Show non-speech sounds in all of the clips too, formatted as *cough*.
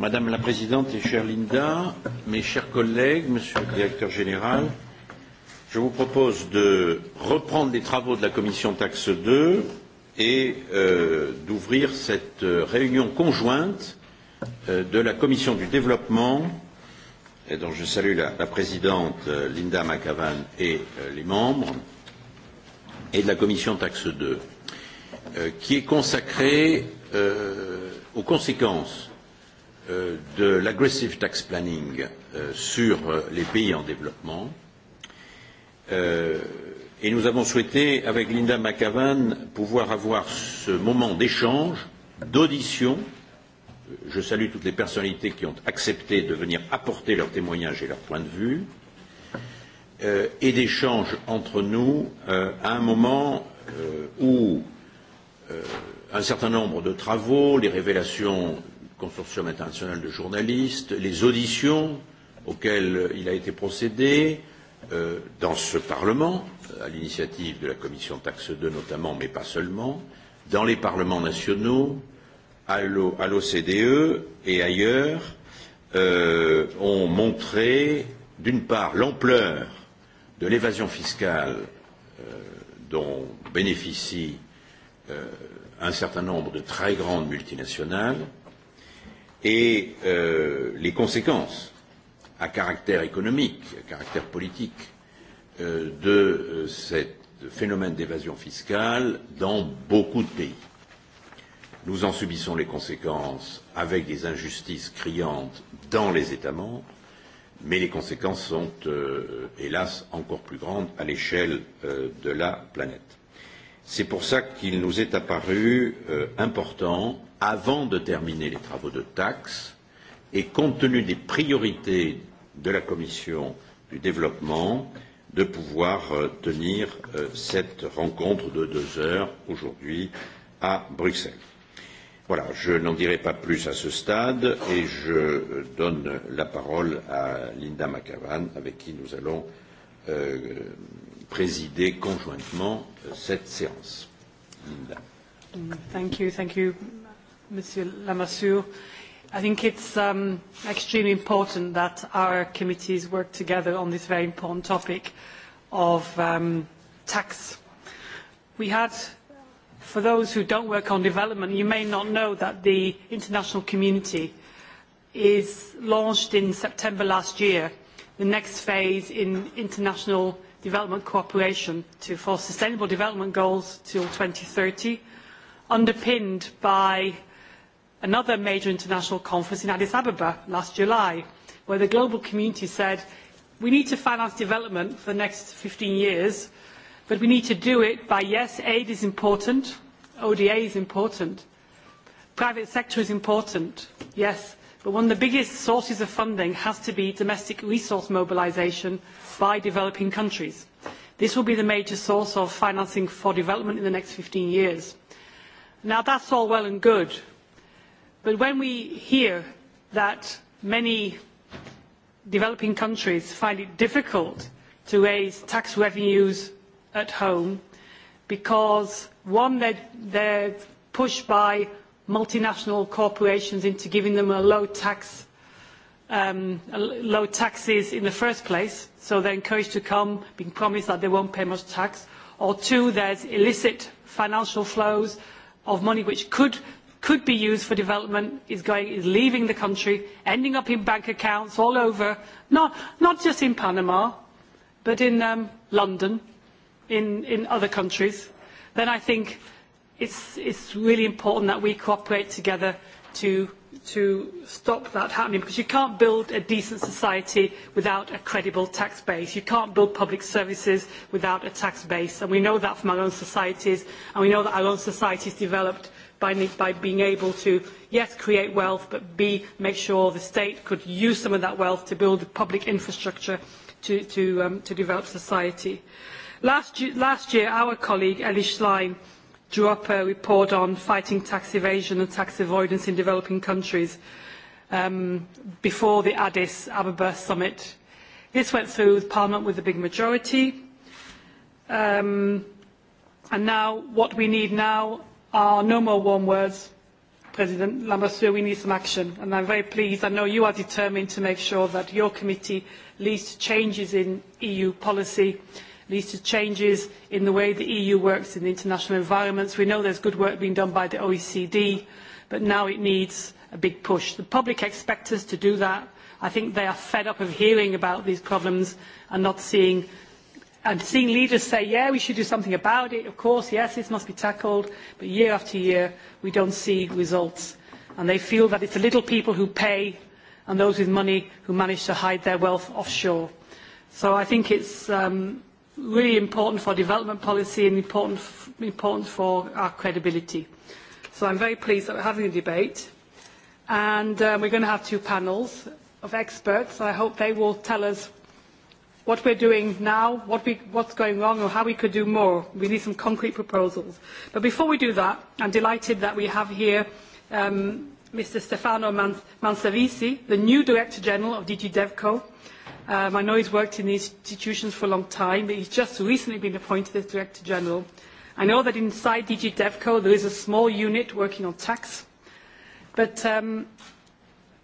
Madame la Présidente et chère Linda, mes chers collègues, Monsieur le Directeur Général, je vous propose de reprendre les travaux de la Commission Taxe 2 et euh, d'ouvrir cette euh, réunion conjointe euh, de la Commission du Développement, et dont je salue la, la Présidente euh, Linda McAvan et euh, les membres, et de la Commission Taxe 2, euh, qui est consacrée aux conséquences Euh, de l'aggressive tax planning euh, sur euh, les pays en développement et nous avons souhaité avec linda mcavan pouvoir avoir ce moment d'échange d'audition je salue toutes les personnalités qui ont accepté de venir apporter leur témoignage et leur point de vue euh, et d'échange entre nous à un moment où un certain nombre de travaux les révélations consortium international de journalistes, les auditions auxquelles il a été procédé euh, dans ce Parlement, à l'initiative de la commission Taxe 2 notamment, mais pas seulement, dans les parlements nationaux, à l'OCDE et ailleurs, euh, ont montré, d'une part, l'ampleur de l'évasion fiscale euh, dont bénéficient euh, un certain nombre de très grandes multinationales, et euh, les conséquences à caractère économique, à caractère politique euh, de euh, ce phénomène d'évasion fiscale dans beaucoup de pays. Nous en subissons les conséquences avec des injustices criantes dans les États membres, mais les conséquences sont, hélas, encore plus grandes à l'échelle de la planète. C'est pour ça qu'il nous est apparu important avant de terminer les travaux de taxe et compte tenu des priorités de la commission du développement de pouvoir euh, tenir euh, cette rencontre de deux heures aujourd'hui à Bruxelles. Voilà, je n'en dirai pas plus à ce stade et je euh, donne la parole à Linda McAvan avec qui nous allons présider conjointement cette séance. Linda. Thank you, thank you Monsieur Lamassoure. I think it's um, extremely important that our committees work together on this very important topic of um, tax. We had, for those who don't work on development, you may not know that the international community is launched in September last year, the next phase in international development cooperation to, for sustainable development goals till 2030, underpinned by another major international conference in Addis Ababa last July, where the global community said, we need to finance development for the next 15 years, but we need to do it by, yes, aid is important, ODA is important, private sector is important, yes, but one of the biggest sources of funding has to be domestic resource mobilisation by developing countries. This will be the major source of financing for development in the next 15 years. Now, that's all well and good, but when we hear that many developing countries find it difficult to raise tax revenues at home because one they are pushed by multinational corporations into giving them a low tax um, low taxes in the first place so they are encouraged to come being promised that they won't pay much tax or two there's illicit financial flows of money which could could be used for development is, going, is leaving the country, ending up in bank accounts all over, not, not just in Panama, but in um, London, in, in other countries, then I think it's, it's really important that we cooperate together to, to stop that happening because you can't build a decent society without a credible tax base. You can't build public services without a tax base. And we know that from our own societies, and we know that our own societies developed by, by being able to, yes, create wealth, but B, make sure the state could use some of that wealth to build public infrastructure to, to, um, to develop society. Last, last year, our colleague, Ellie Schlein, drew up a report on fighting tax evasion and tax avoidance in developing countries um, before the Addis Ababa summit. This went through Parliament with a big majority. Um, and now what we need now are no more warm words. President Lamassoure, we need some action. And I'm very pleased. I know you are determined to make sure that your committee leads to changes in EU policy, leads to changes in the way the EU works in international environments. We know there's good work being done by the OECD, but now it needs a big push. The public expects us to do that. I think they are fed up of hearing about these problems and not seeing and seeing leaders say yeah we should do something about it of course yes this must be tackled but year after year we don't see results and they feel that it's the little people who pay and those with money who manage to hide their wealth offshore. so i think it's um, really important for development policy and important, important for our credibility. so i'm very pleased that we're having a debate and we um, we're going to have two panels of experts. i hope they will tell us what we're doing now, what we, what's going wrong, or how we could do more. We need some concrete proposals. But before we do that, I'm delighted that we have here Mr. Um, Stefano Manservisi, the new Director General of DG DevCo. Um, I know he's worked in these institutions for a long time, but he's just recently been appointed as Director General. I know that inside DG DevCo there is a small unit working on tax, but um,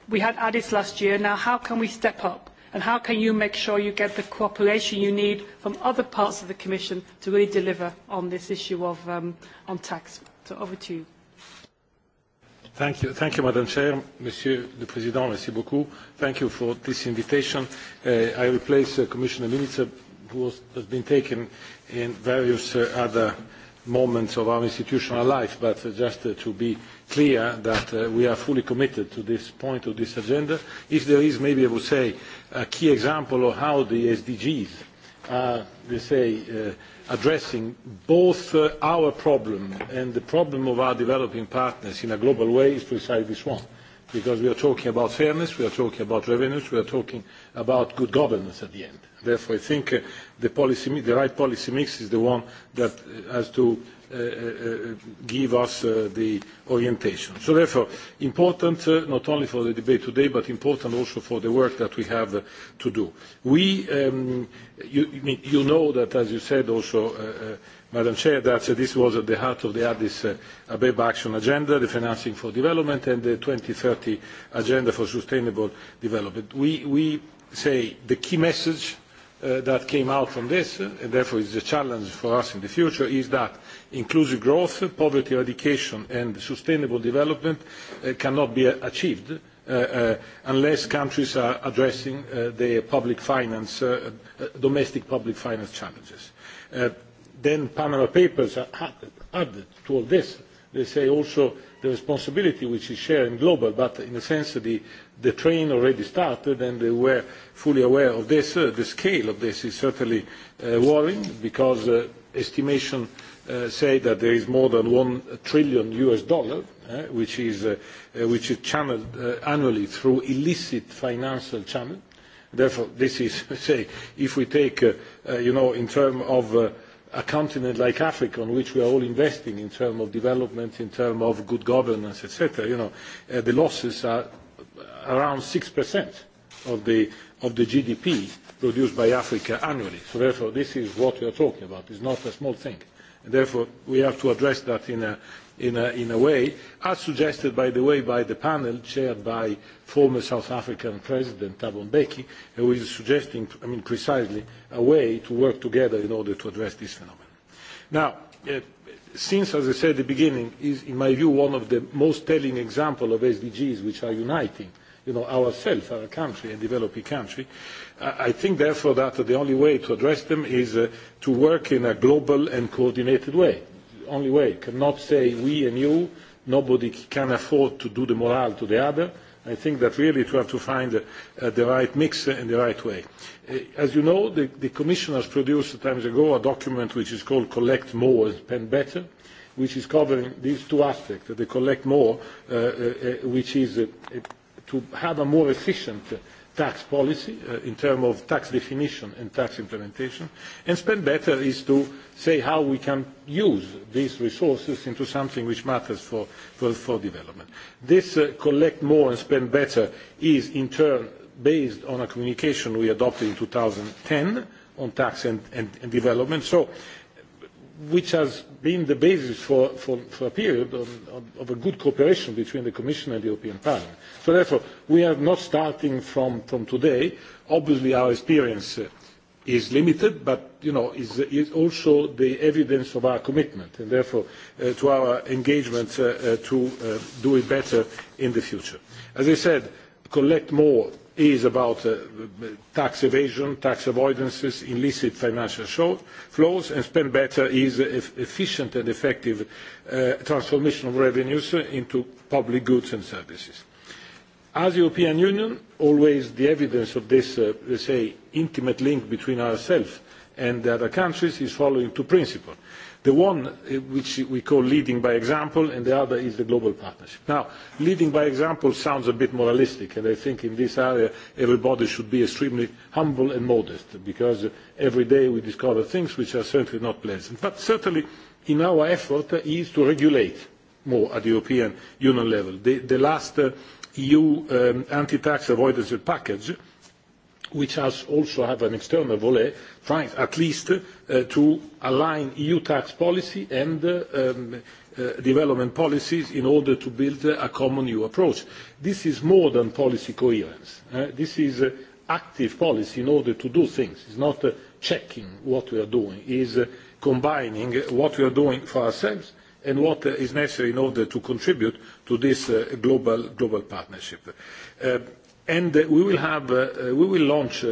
we had Addis last year. Now, how can we step up? and how can you make sure you get the cooperation you need from other parts of the commission to really deliver on this issue of um, on tax so over to you Thank you. Thank you, Madam Chair. Monsieur le Président, merci beaucoup. Thank you for this invitation. Uh, I replace uh, Commissioner Minica, who has been taken in various uh, other moments of our institutional life, but just to be clear that we are fully committed to this point of this agenda. If there is maybe, I would say, a key example of how the SDGs are, they say, uh, addressing both uh, our problem and the problem of our developing partners in a global way is precisely this one because we are talking about fairness, we are talking about revenues, we are talking about good governance at the end. Therefore, I think uh, the, policy, the right policy mix is the one that uh, has to uh, uh, uh give us the orientation. So therefore, important not only for the debate today, but important also for the work that we have to do. We, um, you, you know that, as you said also, Madam Chair, that uh, this was at the heart of the Addis uh, Abeba Action Agenda, the Financing for Development and the 2030 Agenda for Sustainable Development. We, we say the key message Uh, that came out from this uh, and therefore is a challenge for us in the future is that inclusive growth poverty eradication and sustainable development uh, cannot be uh, achieved unless countries are addressing their public finance domestic public finance challenges then Panama Papers are added to all this. They say also the responsibility which is shared and global, but in a sense the, the train already started and they were fully aware of this. Uh, the scale of this is certainly uh, worrying because uh, estimation say that there is more than one trillion US dollar which is, which is channeled annually through illicit financial channel. Therefore, this is, *laughs* say, if we take, you know, in terms of a continent like Africa, on which we are all investing in terms of development, in terms of good governance, etc., you know, uh, the losses are around 6% of the, of the GDP produced by Africa annually. So therefore, this is what we are talking about. It's not a small thing. And therefore, we have to address that in a, in a, in a way, as suggested, by the way, by the panel chaired by former South African President Thabo Mbeki, who is suggesting, I mean, precisely, a way to work together in order to address this phenomenon. Now, uh, since, as I said at the beginning, is, in my view, one of the most telling examples of SDGs which are uniting you know, ourselves, our country, a developing country. I think, therefore, that the only way to address them is uh, to work in a global and coordinated way only way. cannot say we and you, nobody can afford to do the morale to the other. I think that really to have to find uh, the right mix and the right way. Uh, as you know, the, the Commission has produced times ago a document which is called Collect More and Spend Better, which is covering these two aspects, the Collect More, uh, uh, uh which is uh, to have a more efficient tax policy uh, in terms of tax definition and tax implementation and spend better is to say how we can use these resources into something which matters for, for, for development. This uh, collect more and spend better is in turn based on a communication we adopted in 2010 on tax and, and, and development. So which has been the basis for, for, for a period of, of, a good cooperation between the Commission and the European Parliament. So therefore, we are not starting from, today. Obviously, our experience uh, is limited, but you is, also the evidence of our commitment, and therefore uh, to our engagement uh, to do it better in the future. As I said, collect more is about uh, tax evasion, tax avoidances, illicit financial flows, and spend better is efficient and effective uh, transformation of revenues into public goods and services. As the European Union, always the evidence of this, uh, let's say, intimate link between ourselves and the other countries is following two principles The one uh, which we call leading by example and the other is the global partnership. Now, leading by example sounds a bit moralistic and I think in this area everybody should be extremely humble and modest because every day we discover things which are certainly not pleasant. But certainly in our effort is to regulate more at the European Union level. The, the last uh, EU um, anti-tax avoidance package which has also have an external volet, trying at least uh, to align EU tax policy and uh, um, uh, development policies in order to build a common EU approach. This is more than policy coherence. Eh? This is active policy in order to do things. is not checking what we are doing. It is combining what we are doing for ourselves and what is necessary in order to contribute to this global, global partnership and uh, uh, uh, we will launch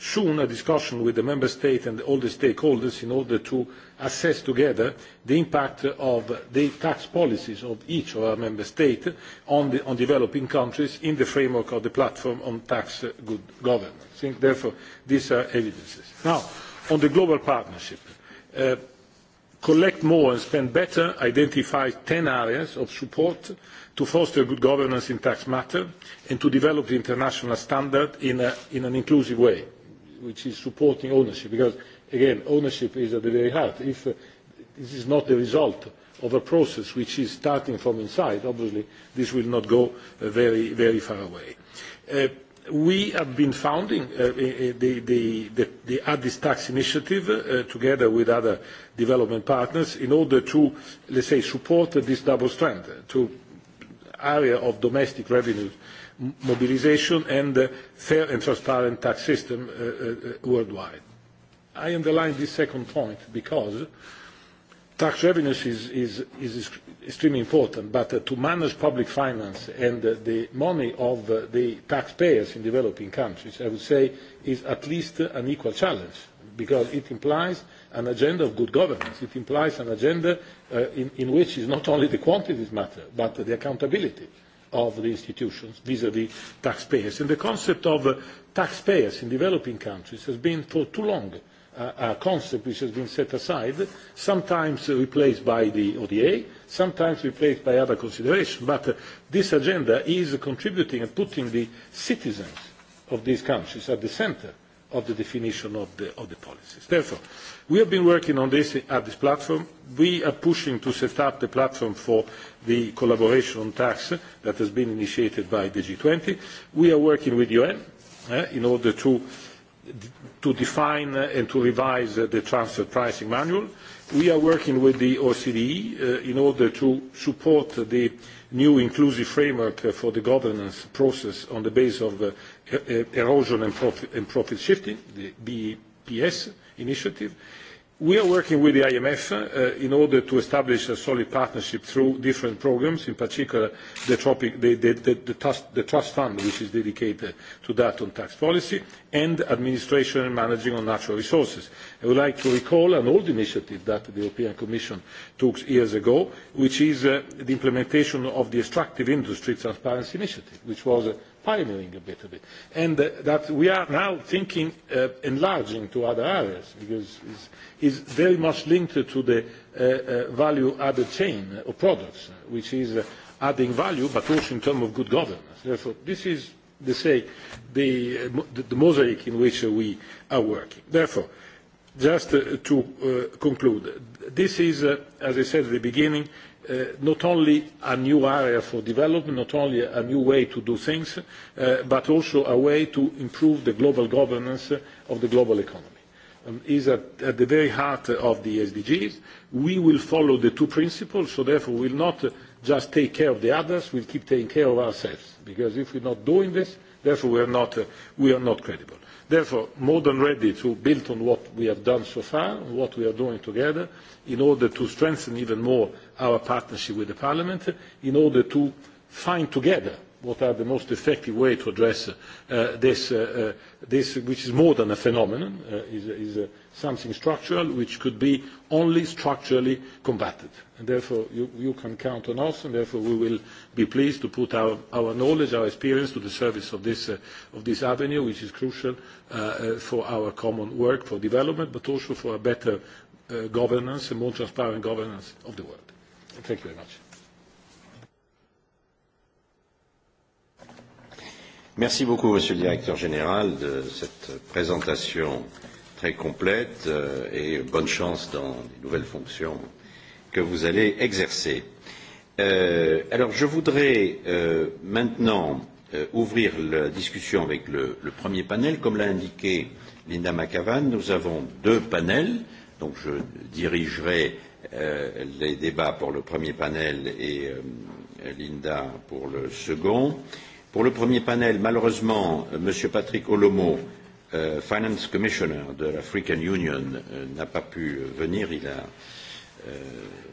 soon a discussion with the member state and all the stakeholders in order to assess together the impact of the tax policies of each of our member states on, developing countries in the framework of the platform on tax good governance. I think therefore these are evidences. Now, on the global partnership, collect more and spend better, identify ten areas of support to foster good governance in tax matter and to develop the international standard in, an inclusive way which is supporting ownership because again ownership is at the very heart. if uh, this is not the result of a process which is starting from inside obviously this will not go uh, very far away. Uh, we have been founding the, addis tax initiative together with other development partners in order to let's say support this double strand to area of domestic revenue mobilisation and a fair and transparent tax system uh, uh, worldwide. I underline this second point because tax revenues is, is, is extremely important, but uh, to manage public finance and the money of the taxpayers in developing countries, I would say, is at least an equal challenge because it implies an agenda of good governance. It implies an agenda uh, in, in which is not only the quantities matter, but the accountability of the institutions vis-à-vis taxpayers. And the concept of uh, taxpayers in developing countries has been for too long uh, a concept which has been set aside, sometimes replaced by the ODA, sometimes replaced by other considerations. But uh, this agenda is contributing and putting the citizens of these countries at the center of the definition of the, of the policies. Therefore, We have been working on this at this platform. We are pushing to set up the platform for the collaboration on tax that has been initiated by the G20. We are working with UN eh, in order to, to define and to revise the transfer pricing manual. We are working with the OCDE eh, in order to support the new inclusive framework for the governance process on the basis of eh, erosion and profit, shifting, the BEPS initiative. We are working with the IMF uh, in order to establish a solid partnership through different programs, in particular the, the, the, the trust, Fund, which is dedicated to that on tax policy, and administration and managing on natural resources. I would like to recall an old initiative that the European Commission took years ago, which is uh, the implementation of the Extractive Industry Transparency Initiative, which was uh, pioneering a bit of it. And uh, that we are now thinking uh, enlarging to other areas because it's, it's very much linked to the uh, uh, value added chain of products, which is uh, adding value but also in terms of good governance. Therefore, this is, they say, the, uh, the, the mosaic in which uh, we are working. Therefore, just uh, to uh, conclude, this is, uh, as I said at the beginning, Uh, not only a new area for development, not only a new way to do things, uh, but also a way to improve the global governance of the global economy. Um, is at, the very heart of the SDGs. We will follow the two principles, so therefore we will not just take care of the others, we will keep taking care of ourselves, because if we are not doing this, therefore we are not, uh, we are not credible. Therefore, more than ready to build on what we have done so far, what we are doing together, in order to strengthen even more our partnership with the Parliament in order to find together what are the most effective ways to address uh, this, uh, uh, this which is more than a phenomenon, is, is something structural which could be only structurally combated. And therefore you, can count on us and therefore we will be pleased to put our, our knowledge, our experience to the service of this, of this avenue which is crucial for our common work, for development but also for a better governance and more transparent governance of the world. Thank you very much. Merci beaucoup, Monsieur le Directeur Général, de cette présentation très complète euh, et bonne chance dans les nouvelles fonctions que vous allez exercer. Euh, alors, je voudrais euh, maintenant euh, ouvrir la discussion avec le, le premier panel. Comme l'a indiqué Linda McAvan, nous avons deux panels. Donc, je dirigerai Euh, les débats pour le premier panel et euh, Linda pour le second. Pour le premier panel, malheureusement, euh, M. Patrick Olomo, Finance Commissioner de l'African Union, n'a pas pu venir. Il a,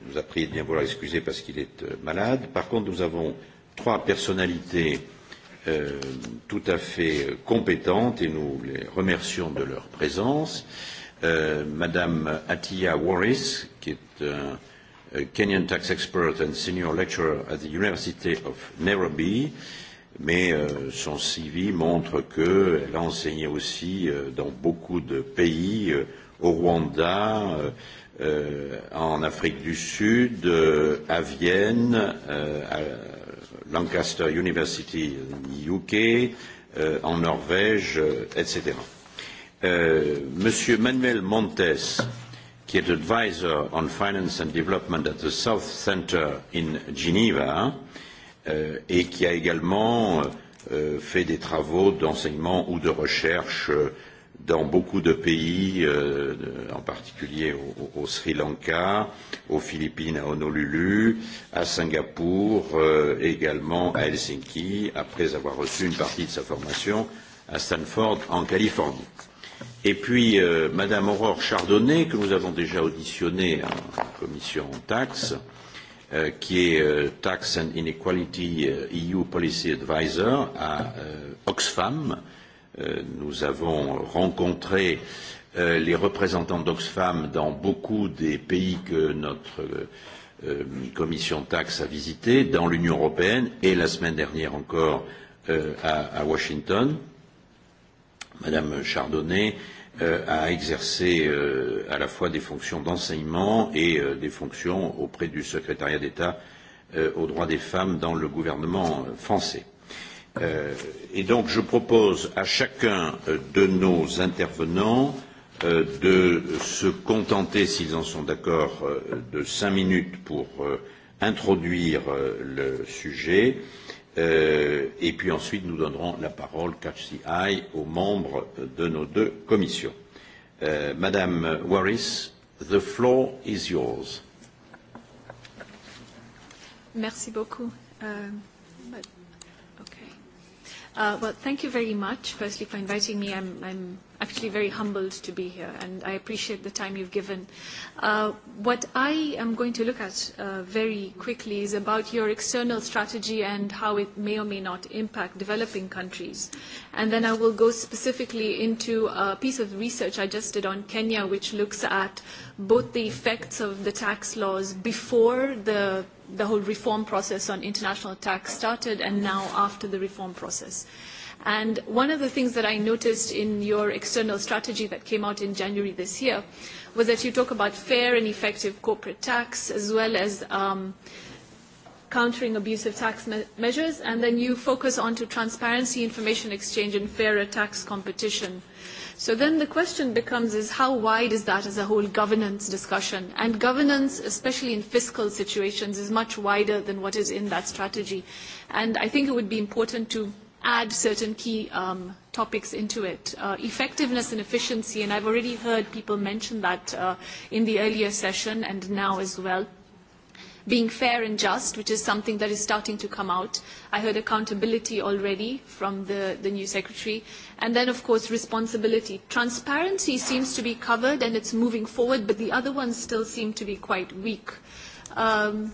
nous a prié de bien vouloir excuser parce qu'il est malade. Par contre, nous avons trois personnalités tout à fait compétentes et nous les remercions de leur présence. Euh, Madame Atiya Warris, qui est un euh, Kenyan tax expert and senior lecturer at the University of Nairobi, mais euh, son CV montre qu'elle a enseigné aussi euh, dans beaucoup de pays, au Rwanda, en Afrique du Sud, à Vienne, à Lancaster University in UK, en Norvège, etc. Euh, Monsieur Manuel Montes, qui est advisor on finance and development at the South Center in Geneva euh, et qui a également euh, fait des travaux d'enseignement ou de recherche dans beaucoup de pays, en particulier au, au Sri Lanka, aux Philippines, à Honolulu, à Singapour, également à Helsinki, après avoir reçu une partie de sa formation à Stanford, en Californie. Et puis, euh, Madame Aurore Chardonnay, que nous avons déjà auditionnée en commission taxe, euh, qui est euh, Tax and Inequality EU e Policy Advisor à euh, Oxfam. Nous avons rencontré les représentants d'Oxfam dans beaucoup des pays que notre commission taxe a visités, dans l'Union européenne et la semaine dernière encore à, à Washington. Madame Chardonnay euh, a exercé euh, à la fois des fonctions d'enseignement et euh, des fonctions auprès du secrétariat d'État aux droits des femmes dans le gouvernement français. Et donc je propose à chacun de nos intervenants de se contenter, s'ils en sont d'accord, de cinq minutes pour introduire le sujet Euh, et puis ensuite, nous donnerons la parole, catch aux membres de nos deux commissions. Euh, Madame Waris, the floor is yours. Merci beaucoup. Euh, Uh, well, thank you very much, firstly, for inviting me. I'm, I'm actually very humbled to be here, and I appreciate the time you've given. Uh, what I am going to look at uh, very quickly is about your external strategy and how it may or may not impact developing countries. And then I will go specifically into a piece of research I just did on Kenya, which looks at both the effects of the tax laws before the the whole reform process on international tax started and now after the reform process. And one of the things that I noticed in your external strategy that came out in January this year was that you talk about fair and effective corporate tax as well as um, countering abusive tax me measures, and then you focus on to transparency, information exchange, and fairer tax competition So then the question becomes is how wide is that as a whole governance discussion? And governance, especially in fiscal situations, is much wider than what is in that strategy. And I think it would be important to add certain key um, topics into it. Uh, effectiveness and efficiency, and I've already heard people mention that uh, in the earlier session and now as well being fair and just, which is something that is starting to come out. I heard accountability already from the, the new secretary. And then, of course, responsibility. Transparency seems to be covered and it's moving forward, but the other ones still seem to be quite weak. Um,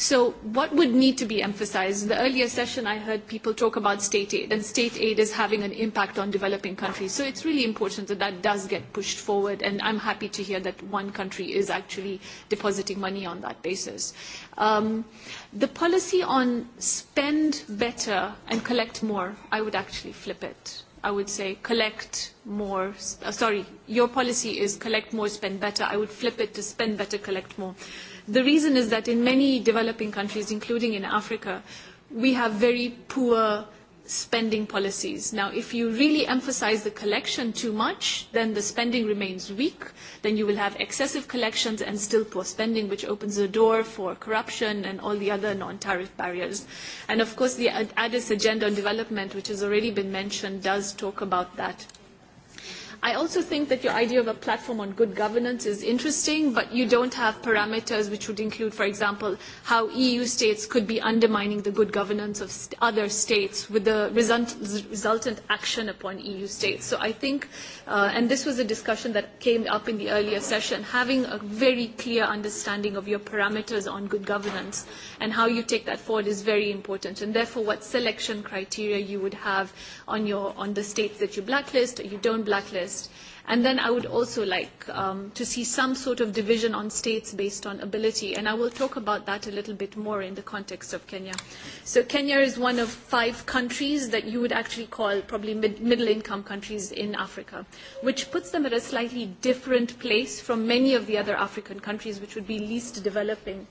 So what would need to be emphasized? In the earlier session, I heard people talk about state aid, and state aid is having an impact on developing countries. So it's really important that that does get pushed forward, and I'm happy to hear that one country is actually depositing money on that basis. Um, the policy on spend better and collect more, I would actually flip it. I would say collect more, uh, sorry, your policy is collect more, spend better. I would flip it to spend better, collect more. The reason is that in many developing countries, including in Africa, we have very poor spending policies. Now, if you really emphasize the collection too much, then the spending remains weak. Then you will have excessive collections and still poor spending, which opens the door for corruption and all the other non-tariff barriers. And of course, the Addis Agenda on Development, which has already been mentioned, does talk about that i also think that your idea of a platform on good governance is interesting, but you don't have parameters which would include, for example, how EU states could be undermining the good governance of other states with the resultant action upon EU states. So I think, uh, and this was a discussion that came up in the earlier session, having a very clear understanding of your parameters on good governance and how you take that forward is very important. And therefore, what selection criteria you would have on, your, on the states that you blacklist or you don't blacklist interest. And then I would also like um, to see some sort of division on states based on ability. And I will talk about that a little bit more in the context of Kenya. So Kenya is one of five countries that you would actually call probably mid middle-income countries in Africa, which puts them at a slightly different place from many of the other African countries, which would be least developing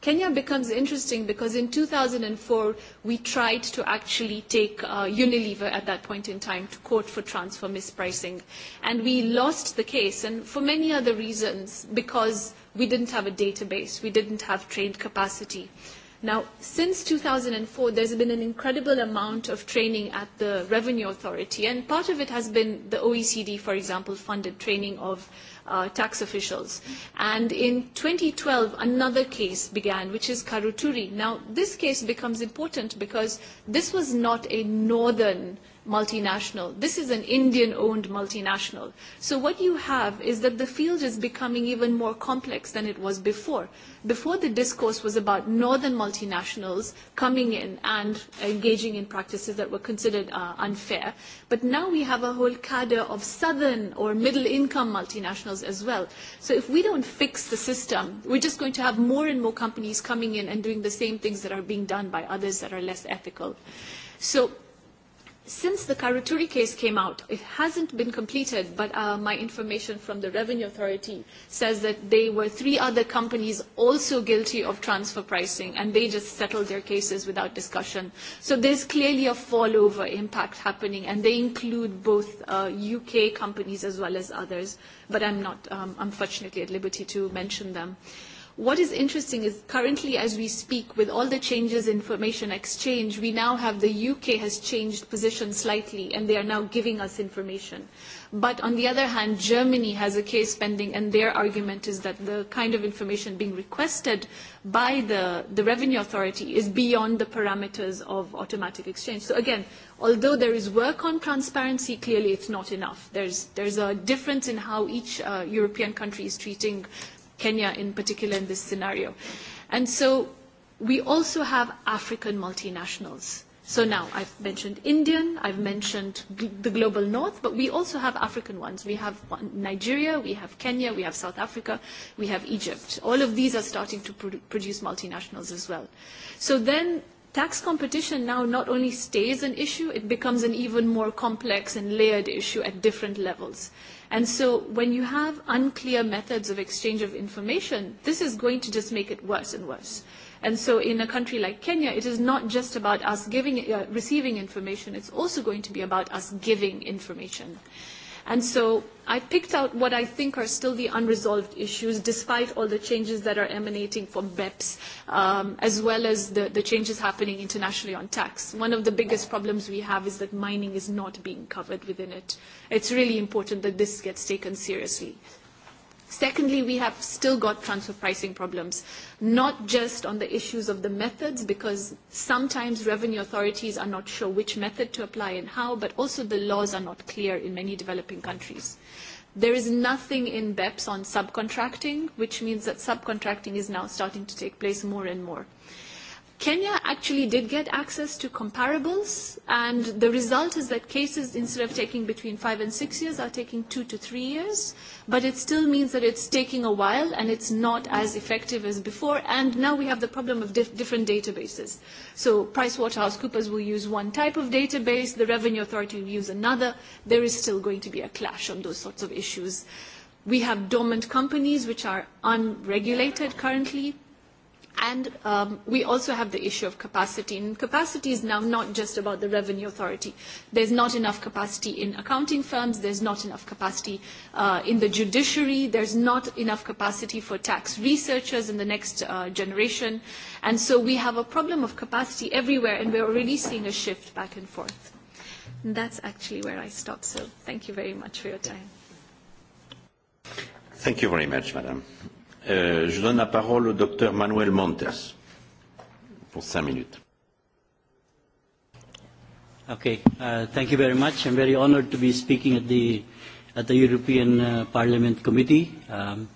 Kenya becomes interesting because in 2004 we tried to actually take uh, Unilever at that point in time to court for transfer mispricing and we lost the case and for many other reasons because we didn't have a database we didn't have trained capacity Now, since 2004, there's been an incredible amount of training at the Revenue Authority, and part of it has been the OECD, for example, funded training of uh, tax officials. And in 2012, another case began, which is Karuturi. Now, this case becomes important because this was not a northern multinational. This is an Indian-owned multinational. So what you have is that the field is becoming even more complex than it was before. Before the discourse was about northern multinationals coming in and engaging in practices that were considered uh, unfair, but now we have a whole cadre of southern or middle-income multinationals as well. So if we don't fix the system, we're just going to have more and more companies coming in and doing the same things that are being done by others that are less ethical. So Since the Karaturi case came out, it hasn't been completed, but uh, my information from the Revenue Authority says that there were three other companies also guilty of transfer pricing, and they just settled their cases without discussion. So there's clearly a fallover impact happening, and they include both UK uh, companies as well as others, but I'm not, um, unfortunately, at liberty to mention them. What is interesting is currently as we speak with all the changes in information exchange, we now have the UK has changed position slightly and they are now giving us information. But on the other hand, Germany has a case pending and their argument is that the kind of information being requested by the, the revenue authority is beyond the parameters of automatic exchange. So again, although there is work on transparency, clearly it's not enough. There's, there's a difference in how each uh, European country is treating Kenya in particular in this scenario. And so we also have African multinationals. So now I've mentioned Indian, I've mentioned the global north, but we also have African ones. We have Nigeria, we have Kenya, we have South Africa, we have Egypt. All of these are starting to produce multinationals as well. So then tax competition now not only stays an issue, it becomes an even more complex and layered issue at different levels. And so when you have unclear methods of exchange of information, this is going to just make it worse and worse. And so in a country like Kenya, it is not just about us giving, uh, receiving information, it's also going to be about us giving information. And so I picked out what I think are still the unresolved issues, despite all the changes that are emanating from BEPS, um, as well as the, the changes happening internationally on tax. One of the biggest problems we have is that mining is not being covered within it. It's really important that this gets taken seriously. Secondly, we have still got transfer pricing problems, not just on the issues of the methods, because sometimes revenue authorities are not sure which method to apply and how, but also the laws are not clear in many developing countries. There is nothing in BEPS on subcontracting, which means that subcontracting is now starting to take place more and more. Kenya actually did get access to comparables, and the result is that cases, instead of taking between five and six years, are taking two to three years. But it still means that it's taking a while, and it's not as effective as before. And now we have the problem of dif different databases. So PricewaterhouseCoopers will use one type of database, the Revenue Authority will use another. There is still going to be a clash on those sorts of issues. We have dormant companies which are unregulated currently And um, we also have the issue of capacity. And capacity is now not just about the revenue authority. There's not enough capacity in accounting firms. There's not enough capacity uh, in the judiciary. There's not enough capacity for tax researchers in the next uh, generation. And so we have a problem of capacity everywhere, and we're already seeing a shift back and forth. And that's actually where I stop. So thank you very much for your time. Thank you very much, Madam. Euh, je donne la parole au docteur Manuel Montes pour cinq minutes. Okay, uh, thank you very much. I'm very honored to be speaking at the, at the European uh, Parliament Committee. Um,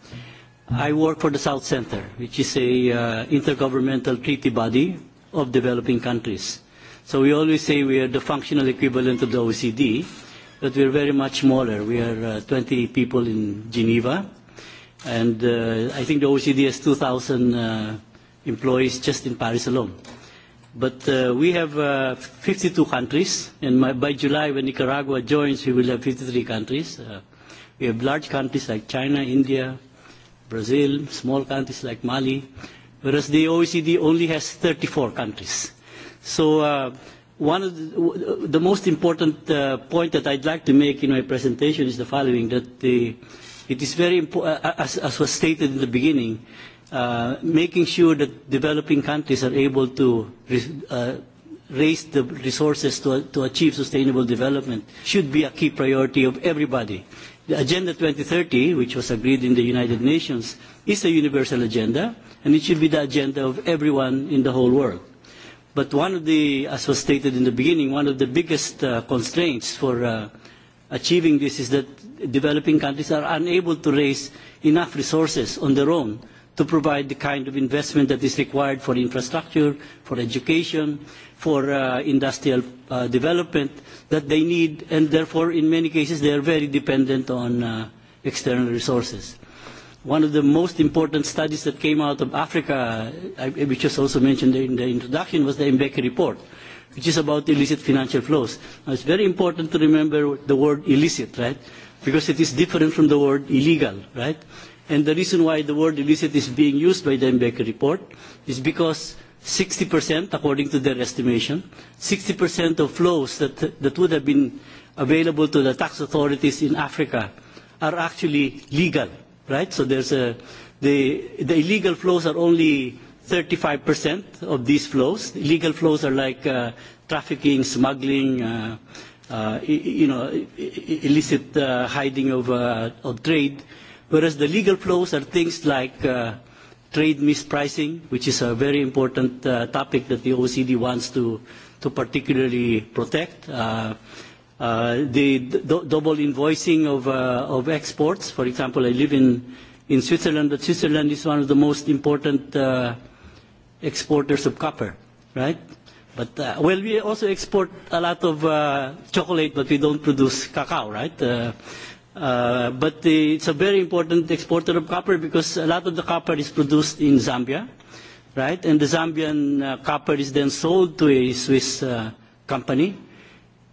I work for the South Centre, which is a uh, intergovernmental treaty body of developing countries. So we always say we are the functional equivalent of the OECD, but we are very much smaller. We are uh, 20 people in Geneva, And uh, I think the OECD has 2,000 uh, employees just in Paris alone. But uh, we have uh, 52 countries, and my, by July when Nicaragua joins, we will have 53 countries. Uh, we have large countries like China, India, Brazil, small countries like Mali, whereas the OECD only has 34 countries. So uh, one of the, the most important uh, point that I'd like to make in my presentation is the following, that the It is very important, uh, uh, as, as was stated in the beginning, uh, making sure that developing countries are able to uh, raise the resources to, to achieve sustainable development should be a key priority of everybody. The Agenda 2030, which was agreed in the United Nations, is a universal agenda, and it should be the agenda of everyone in the whole world. But one of the, as was stated in the beginning, one of the biggest constraints for achieving this is that developing countries are unable to raise enough resources on their own to provide the kind of investment that is required for infrastructure, for education, for uh, industrial uh, development that they need, and therefore, in many cases, they are very dependent on uh, external resources. One of the most important studies that came out of Africa, which was also mentioned in the introduction, was the Mbeki report, which is about illicit financial flows. Now, it's very important to remember the word illicit, right? because it is different from the word illegal, right? And the reason why the word illicit is being used by the MBEC report is because 60%, according to their estimation, 60% of flows that, that would have been available to the tax authorities in Africa are actually legal, right? So there's a, the, the illegal flows are only 35% of these flows. Illegal flows are like uh, trafficking, smuggling, uh, uh, you know, illicit uh, hiding of, uh, of trade, whereas the legal flows are things like uh, trade mispricing, which is a very important uh, topic that the OECD wants to, to particularly protect. Uh, uh, the double invoicing of, uh, of exports. For example, I live in, in Switzerland, but Switzerland is one of the most important uh, exporters of copper, right? But uh, well, we also export a lot of uh, chocolate, but we don't produce cacao, right? Uh, uh, but the, it's a very important exporter of copper because a lot of the copper is produced in Zambia, right? And the Zambian uh, copper is then sold to a Swiss uh, company,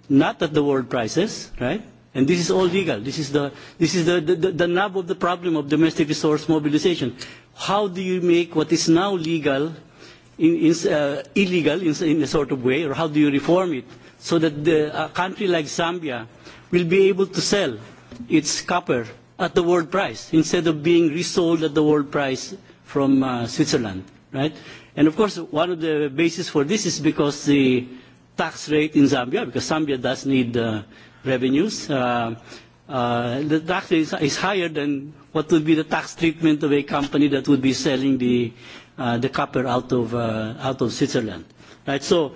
not at the world prices, right? And this is all legal. This is the this is the, the, the nub of the problem of domestic resource mobilization. How do you make what is now legal in, in, uh, illegal in, in a sort of way, or how do you reform it so that the, a country like Zambia will be able to sell its copper at the world price instead of being resold at the world price from uh, Switzerland, right? And of course, one of the basis for this is because the tax rate in Zambia, because Zambia does need uh, revenues, uh, uh, the tax rate is, is higher than what would be the tax treatment of a company that would be selling the Uh, the copper out of uh, out of Switzerland. Right. So,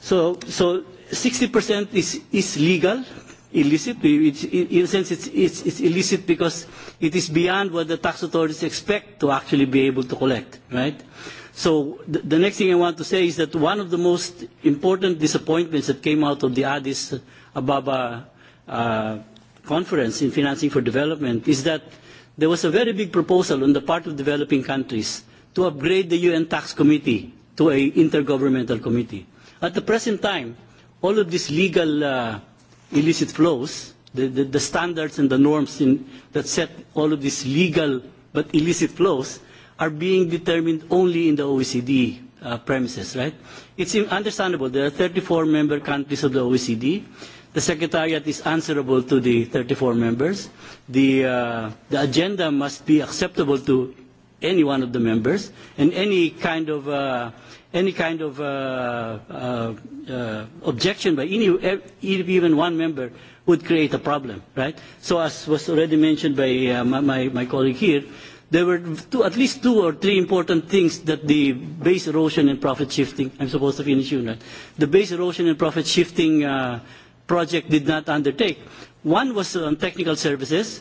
so, so 60% is is legal, illicit. in a sense, it's, it's illicit because it is beyond what the tax authorities expect to actually be able to collect. Right. So the, the next thing I want to say is that one of the most important disappointments that came out of the Addis Ababa uh, conference in financing for development is that there was a very big proposal on the part of developing countries to upgrade the UN Tax Committee to an intergovernmental committee. At the present time, all of these legal uh, illicit flows, the, the, the standards and the norms in, that set all of these legal but illicit flows are being determined only in the OECD uh, premises, right? It's understandable. There are 34 member countries of the OECD. The Secretariat is answerable to the 34 members. The, uh, the agenda must be acceptable to any one of the members and any kind of uh, any kind of uh, uh, uh objection by any e-, e-, even one member would create a problem right so as was already mentioned by uh, my my colleague here there were two, at least two or three important things that the base erosion and profit shifting I'm supposed to finish you right? the base erosion and profit shifting uh, project did not undertake one was on technical services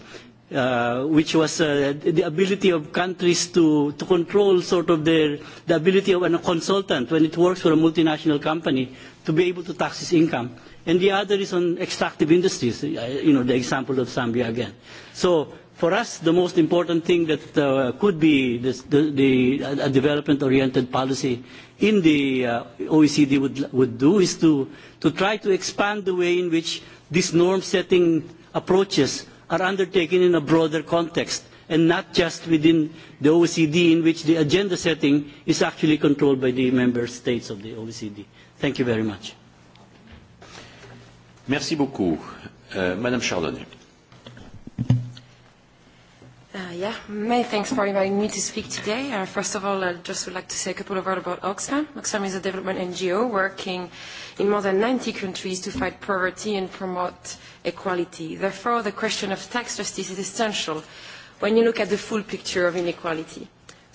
Uh, which was uh, the ability of countries to, to control sort of their, the ability of a consultant when it works for a multinational company to be able to tax his income. And the other is on extractive industries, uh, you know, the example of Zambia again. So for us, the most important thing that uh, could be this, the, the, a development-oriented policy in the uh, OECD would, would do is to, to try to expand the way in which these norm-setting approaches are undertaken in a broader context and not just within the OECD in which the agenda setting is actually controlled by the member states of the OECD. Thank you very much. Merci beaucoup. Euh, Madame Chardonnay yeah, many thanks for inviting me to speak today. Uh, first of all, I just would like to say a couple of words about Oxfam. Oxfam is a development NGO working in more than 90 countries to fight poverty and promote equality. Therefore, the question of tax justice is essential when you look at the full picture of inequality.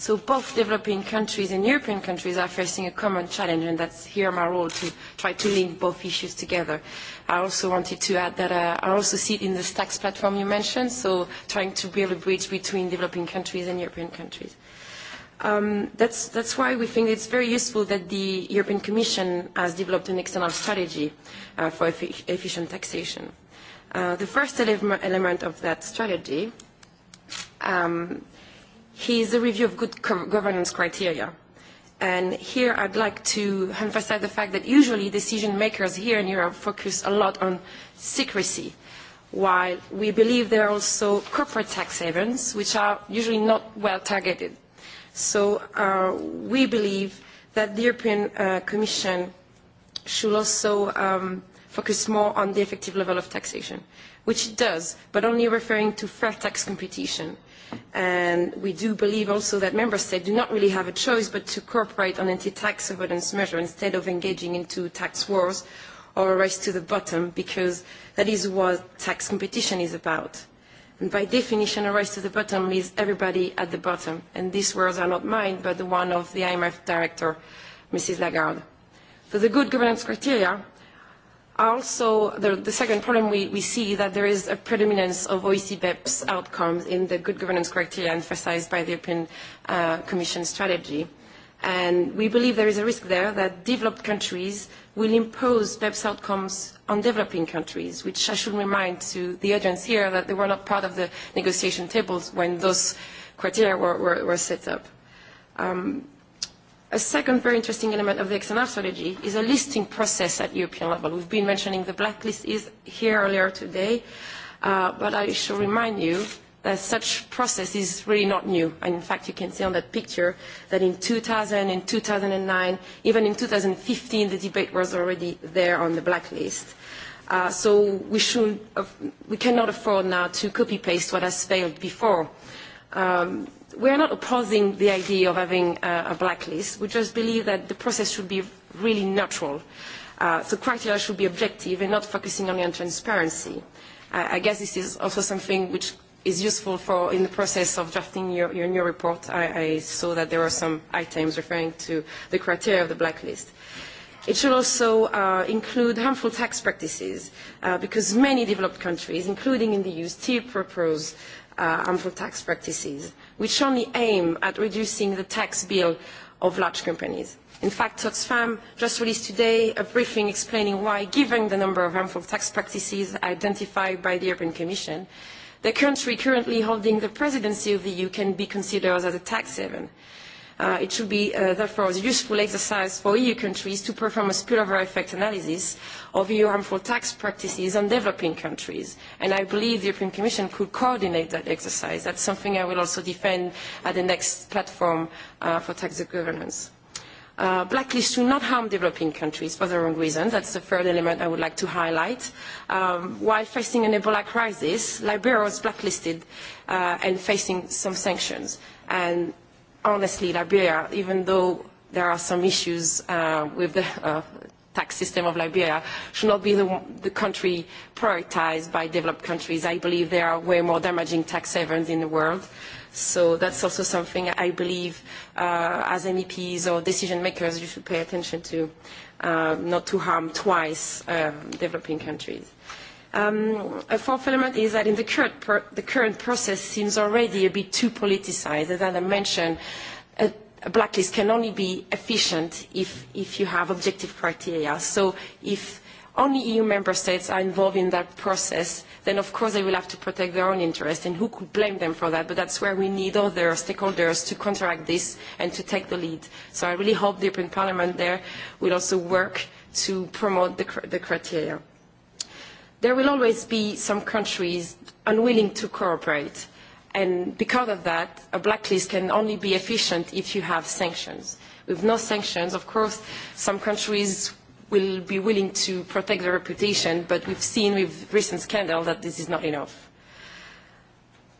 So both developing countries and European countries are facing a common challenge, and that's here my role to try to link both issues together. I also wanted to add that uh, I also see it in the tax platform you mentioned, so trying to build a bridge between developing countries and European countries. Um, that's, that's why we think it's very useful that the European Commission has developed an external strategy uh, for efficient taxation. Uh, the first element of that strategy um, is a review of good governance criteria. And here I'd like to emphasize the fact that usually decision makers here in Europe focus a lot on secrecy, while we believe there are also corporate tax havens, which are usually not well targeted. So uh, we believe that the European uh, Commission should also um, focus more on the effective level of taxation, which it does, but only referring to fair tax competition And we do believe also that member states do not really have a choice but to cooperate on anti-tax avoidance measures instead of engaging into tax wars or a race to the bottom, because that is what tax competition is about. And by definition, a race to the bottom leaves everybody at the bottom. And these words are not mine, but the one of the IMF director, Mrs. Lagarde. So the good governance criteria also, the, second problem we, we see that there is a predominance of e BEPS outcomes in the good governance criteria emphasized by the European uh, Commission strategy. And we believe there is a risk there that developed countries will impose BEPS outcomes on developing countries, which I should remind to the audience here that they were not part of the negotiation tables when those criteria were, were, set up. Um, a second very interesting element of the XNR strategy is a listing process at European level. We've been mentioning the blacklist is here earlier today, uh, but I should remind you that such process is really not new. And in fact, you can see on that picture that in 2000, in 2009, even in 2015, the debate was already there on the blacklist. Uh, so we, should, uh, we cannot afford now to copy-paste what has failed before. Um, we are not opposing the idea of having a blacklist. We just believe that the process should be really neutral. Uh, so criteria should be objective and not focusing only on transparency. Uh, I guess this is also something which is useful for in the process of drafting your, your new report. I, I saw that there were some items referring to the criteria of the blacklist. It should also uh, include harmful tax practices uh, because many developed countries, including in the EU, still propose uh, harmful tax practices which only aim at reducing the tax bill of large companies. In fact, Oxfam just released today a briefing explaining why, given the number of harmful tax practices identified by the European Commission, the country currently holding the presidency of the EU can be considered as a tax haven. Uh, it should be uh, therefore a useful exercise for EU countries to perform a spillover effect analysis of EU harmful tax practices on developing countries. And I believe the European Commission could coordinate that exercise. That's something I will also defend at the next platform uh, for tax governance. Uh, blacklists do not harm developing countries for the wrong reason. That's the third element I would like to highlight. Um, while facing an Ebola crisis, Liberia was blacklisted uh, and facing some sanctions. And honestly, Liberia, even though there are some issues uh, with the uh, tax system of Liberia, should not be the, the country prioritized by developed countries. I believe there are way more damaging tax havens in the world. So that's also something I believe uh, as MEPs or decision makers you should pay attention to, uh, not to harm twice uh, developing countries. Um, a fourth element is that in the current, the current process seems already a bit too politicized. As I mentioned, a, blacklist can only be efficient if, if you have objective criteria. So if only EU member states are involved in that process, then of course they will have to protect their own interests, and who could blame them for that? But that's where we need other stakeholders to counteract this and to take the lead. So I really hope the European Parliament there will also work to promote the criteria there will always be some countries unwilling to cooperate and because of that a blacklist can only be efficient if you have sanctions. with no sanctions of course some countries will be willing to protect their reputation but we've seen with recent scandal that this is not enough.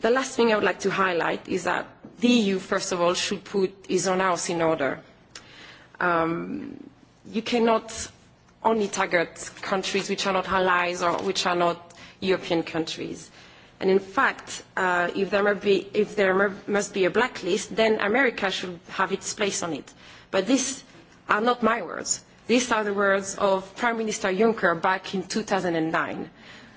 the last thing i would like to highlight is that the eu first of all should put its own house in order. Um, you cannot only target countries which are not allies or which are not European countries. And in fact, uh, if there, must be, if there must be a blacklist, then America should have its place on it. But these are not my words. These are the words of Prime Minister Juncker back in 2009.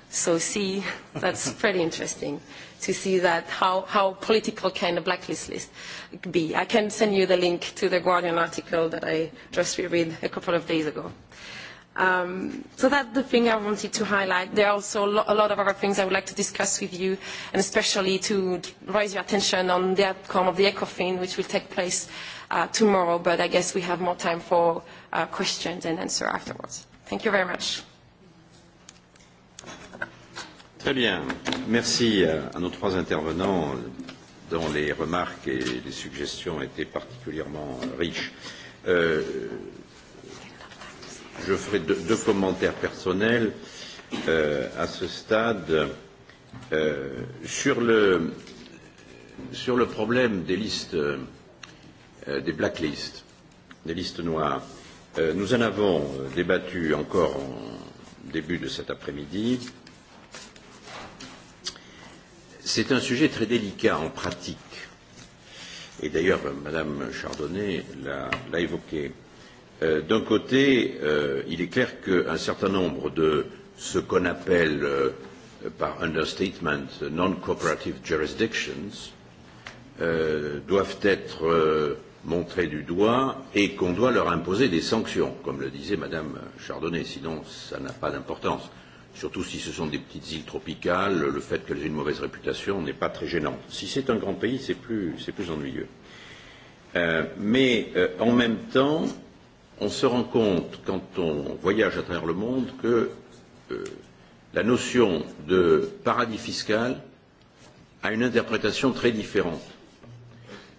So see, *laughs* that's pretty interesting to see that how, how political can a blacklist list be. I can send you the link to the Guardian article that I just reread a couple of days ago. Um, so that's the thing I wanted to highlight. There are also a lot of other things I would like to discuss with you, and especially to raise your attention on the outcome of the ECOFIN, which will take place uh, tomorrow, but I guess we have more time for uh, questions and answer afterwards. Thank you very much. Très bien. Merci euh, à nos trois intervenants dont les remarques et les suggestions étaient particulièrement riches. Euh, je ferai deux, deux commentaires personnels euh, à ce stade. Euh, sur, le, sur le problème des listes, euh, des blacklists, des listes noires, euh, nous en avons euh, débattu encore en début de cet après-midi. C'est un sujet très délicat en pratique. Et d'ailleurs, Madame Chardonnay l'a évoqué. Euh, Euh, d'un côté, euh, il est clair qu'un certain nombre de ce qu'on appelle euh, par understatement non cooperative jurisdictions doivent être montrés du doigt et qu'on doit leur imposer des sanctions, comme le disait Madame Chardonnay, sinon ça n'a pas d'importance. Surtout si ce sont des petites îles tropicales, le fait qu'elles aient une mauvaise réputation n'est pas très gênant. Si c'est un grand pays, c'est plus, plus ennuyeux. mais en même temps, on se rend compte, quand on voyage à travers le monde, que euh, la notion de paradis fiscal a une interprétation très différente.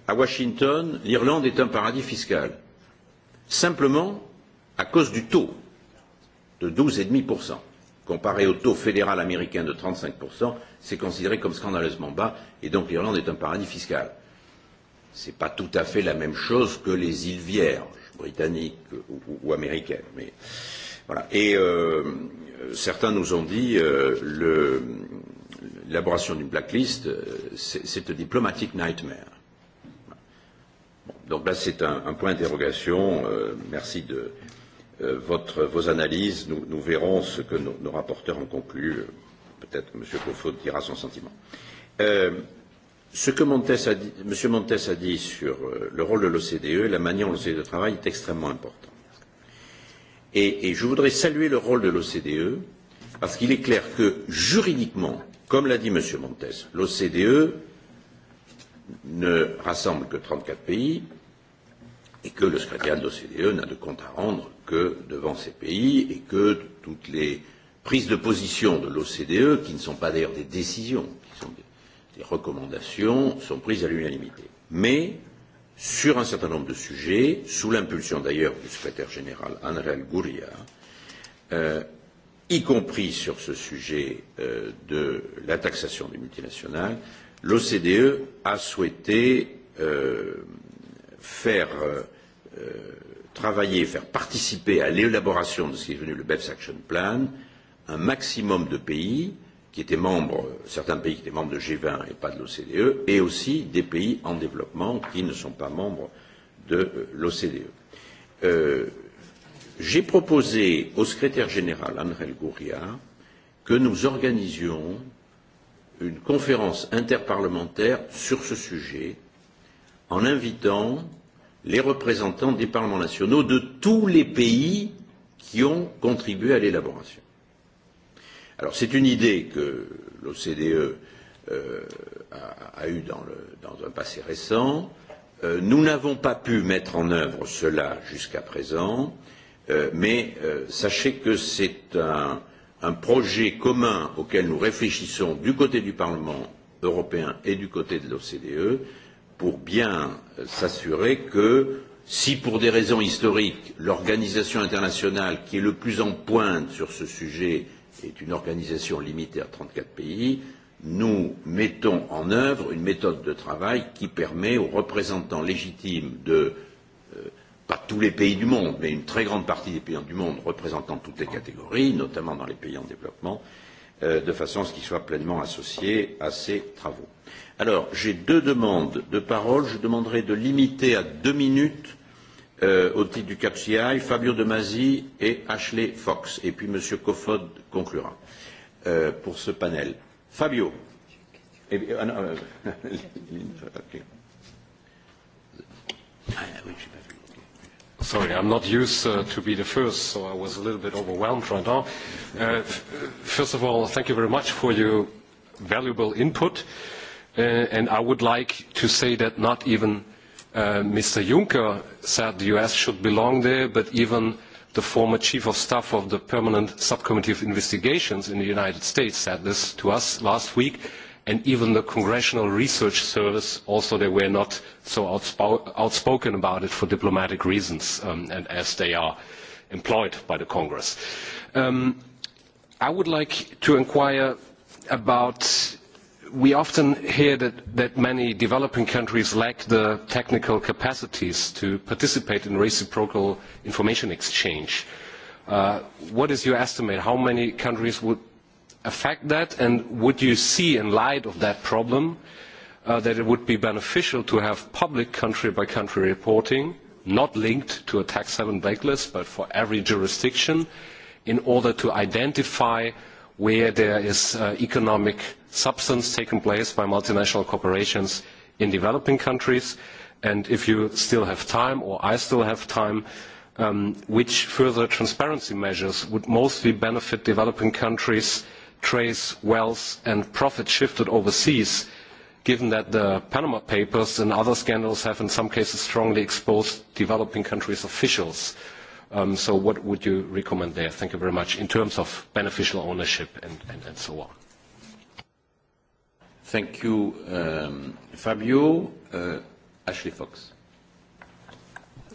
À Washington, l'Irlande est un paradis fiscal, simplement à cause du taux de et 12,5%. Comparé au taux fédéral américain de 35%, c'est considéré comme scandaleusement bas, et donc l'Irlande est un paradis fiscal. Ce n'est pas tout à fait la même chose que les îles Vierges britannique ou, ou américaine. Mais, voilà. Et euh, certains nous ont dit euh, l'élaboration d'une blacklist, euh, c'est un diplomatic nightmare. Bon, donc là, c'est un, un point d'interrogation. Euh, merci de euh, votre, vos analyses. Nous, nous verrons ce que nos, nos rapporteurs ont conclu. Peut-être M. Kofod dira son sentiment. Euh, Ce que Montes a dit, M. Montes a dit sur euh, le rôle de l'OCDE, et la manière dont l'OCDE travaille est extrêmement important. Et, et je voudrais saluer le rôle de l'OCDE, parce qu'il est clair que juridiquement, comme l'a dit M. Montes, l'OCDE ne rassemble que 34 pays et que le secrétaire de l'OCDE n'a de compte à rendre que devant ces pays et que toutes les prises de position de l'OCDE, qui ne sont pas d'ailleurs des décisions, les recommandations sont prises à l'unanimité. Mais, sur un certain nombre de sujets, sous l'impulsion d'ailleurs du secrétaire général Anrel Gouria, euh, y compris sur ce sujet euh, de la taxation des multinationales, l'OCDE a souhaité euh, faire euh, euh, travailler, faire participer à l'élaboration de ce qui est devenu le BEPS Action Plan un maximum de pays qui étaient membres, certains pays qui étaient membres de G20 et pas de l'OCDE, et aussi des pays en développement qui ne sont pas membres de euh, l'OCDE. Euh, J'ai proposé au secrétaire général André Gouria que nous organisions une conférence interparlementaire sur ce sujet en invitant les représentants des parlements nationaux de tous les pays qui ont contribué à l'élaboration. Alors c'est une idée que l'OCDE euh, a, a eue dans, le, dans un passé récent. Euh, nous n'avons pas pu mettre en œuvre cela jusqu'à présent, euh, mais euh, sachez que c'est un, un projet commun auquel nous réfléchissons du côté du Parlement européen et du côté de l'OCDE pour bien euh, s'assurer que si pour des raisons historiques l'organisation internationale qui est le plus en pointe sur ce sujet est une organisation limitée à 34 pays, nous mettons en œuvre une méthode de travail qui permet aux représentants légitimes de, euh, pas tous les pays du monde, mais une très grande partie des pays du monde représentant toutes les catégories, notamment dans les pays en développement, euh, de façon à ce qu'ils soient pleinement associés à ces travaux. Alors, j'ai deux demandes de parole. Je demanderai de limiter à deux minutes euh, au titre du CAPCI, Fabio De Masi et Ashley Fox. Et puis M. Kofod conclura euh, pour ce panel. Fabio. Eh bien, ah, euh, *laughs* ah Sorry, I'm not used uh, to be the first, so I was a little bit overwhelmed right now. Uh, first of all, thank you very much for your valuable input. Uh, and I would like to say that not even Uh, Mr. Juncker said the US should belong there, but even the former chief of staff of the Permanent Subcommittee of Investigations in the United States said this to us last week, and even the Congressional Research Service, also they were not so outspoken about it for diplomatic reasons, um, and as they are employed by the Congress. Um, I would like to inquire about we often hear that, that many developing countries lack the technical capacities to participate in reciprocal information exchange. Uh, what is your estimate? How many countries would affect that? And would you see, in light of that problem, uh, that it would be beneficial to have public country-by-country reporting, not linked to a tax haven blacklist, but for every jurisdiction, in order to identify where there is uh, economic substance taken place by multinational corporations in developing countries and if you still have time or i still have time um, which further transparency measures would mostly benefit developing countries trace wealth and profit shifted overseas given that the panama papers and other scandals have in some cases strongly exposed developing countries' officials um, so what would you recommend there? thank you very much in terms of beneficial ownership and so on. Thank you, um, Fabio. Uh, Ashley Fox.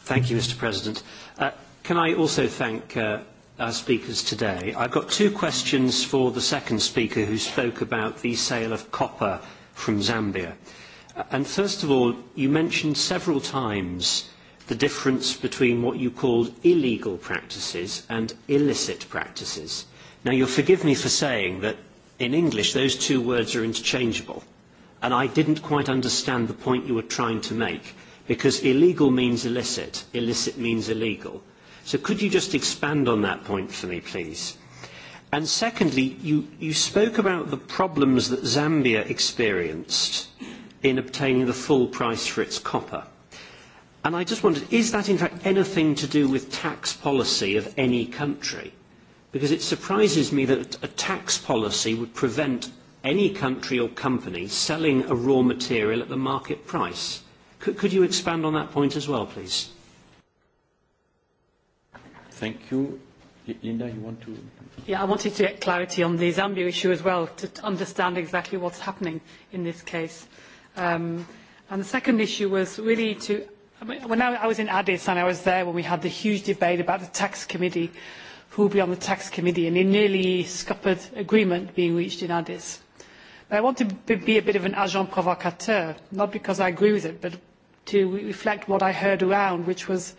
Thank you, Mr. President. Uh, can I also thank uh, our speakers today? I've got two questions for the second speaker who spoke about the sale of copper from Zambia. And first of all, you mentioned several times the difference between what you called illegal practices and illicit practices. Now, you'll forgive me for saying that in English, those two words are interchangeable. And I didn't quite understand the point you were trying to make, because illegal means illicit, illicit means illegal. So could you just expand on that point for me, please? And secondly, you, you spoke about the problems that Zambia experienced in obtaining the full price for its copper. And I just wondered, is that in fact anything to do with tax policy of any country? because it surprises me that a tax policy would prevent any country or company selling a raw material at the market price. Could, could you expand on that point as well, please? Thank you. Linda, you want to? Yeah, I wanted to get clarity on the Zambia issue as well, to understand exactly what's happening in this case. Um, and the second issue was really to... I mean, when I, I was in Addis and I was there when we had the huge debate about the tax committee who will be on the tax committee and a nearly scuppered agreement being reached in addis. i want to be a bit of an agent provocateur not because i agree with it but to reflect what i heard around which was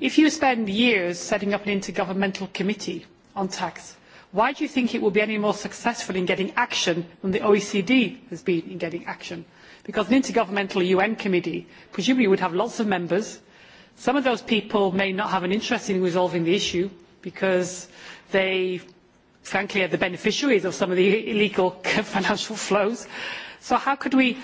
if you spend years setting up an intergovernmental committee on tax why do you think it will be any more successful in getting action than the oecd has been in getting action? because an intergovernmental un committee presumably would have lots of members some of those people may not have an interest in resolving the issue because they frankly are the beneficiaries of some of the illegal *laughs* financial flows. So how could we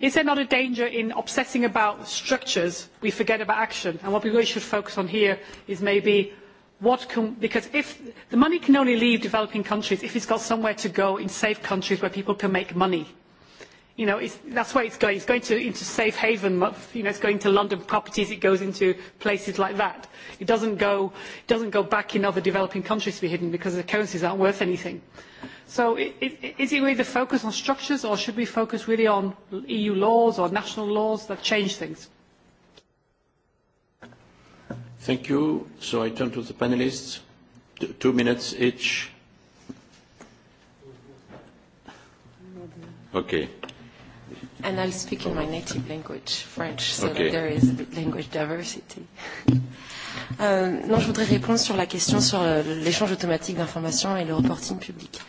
is there not a danger in obsessing about structures we forget about action? And what we really should focus on here is maybe what can because if the money can only leave developing countries if it's got somewhere to go in safe countries where people can make money you know, that's where it's going. It's going to, into safe haven. You know, it's going to London properties. It goes into places like that. It doesn't go, doesn't go back in other developing countries to be hidden because the currencies aren't worth anything. So is it really the focus on structures or should we focus really on EU laws or national laws that change things? Thank you. So I turn to the panelists. two minutes each. Okay. And I'll speak in my native language, French, so okay. that there is language diversity. *laughs* Euh, non, je voudrais répondre sur la question sur l'échange automatique d'informations et le reporting public.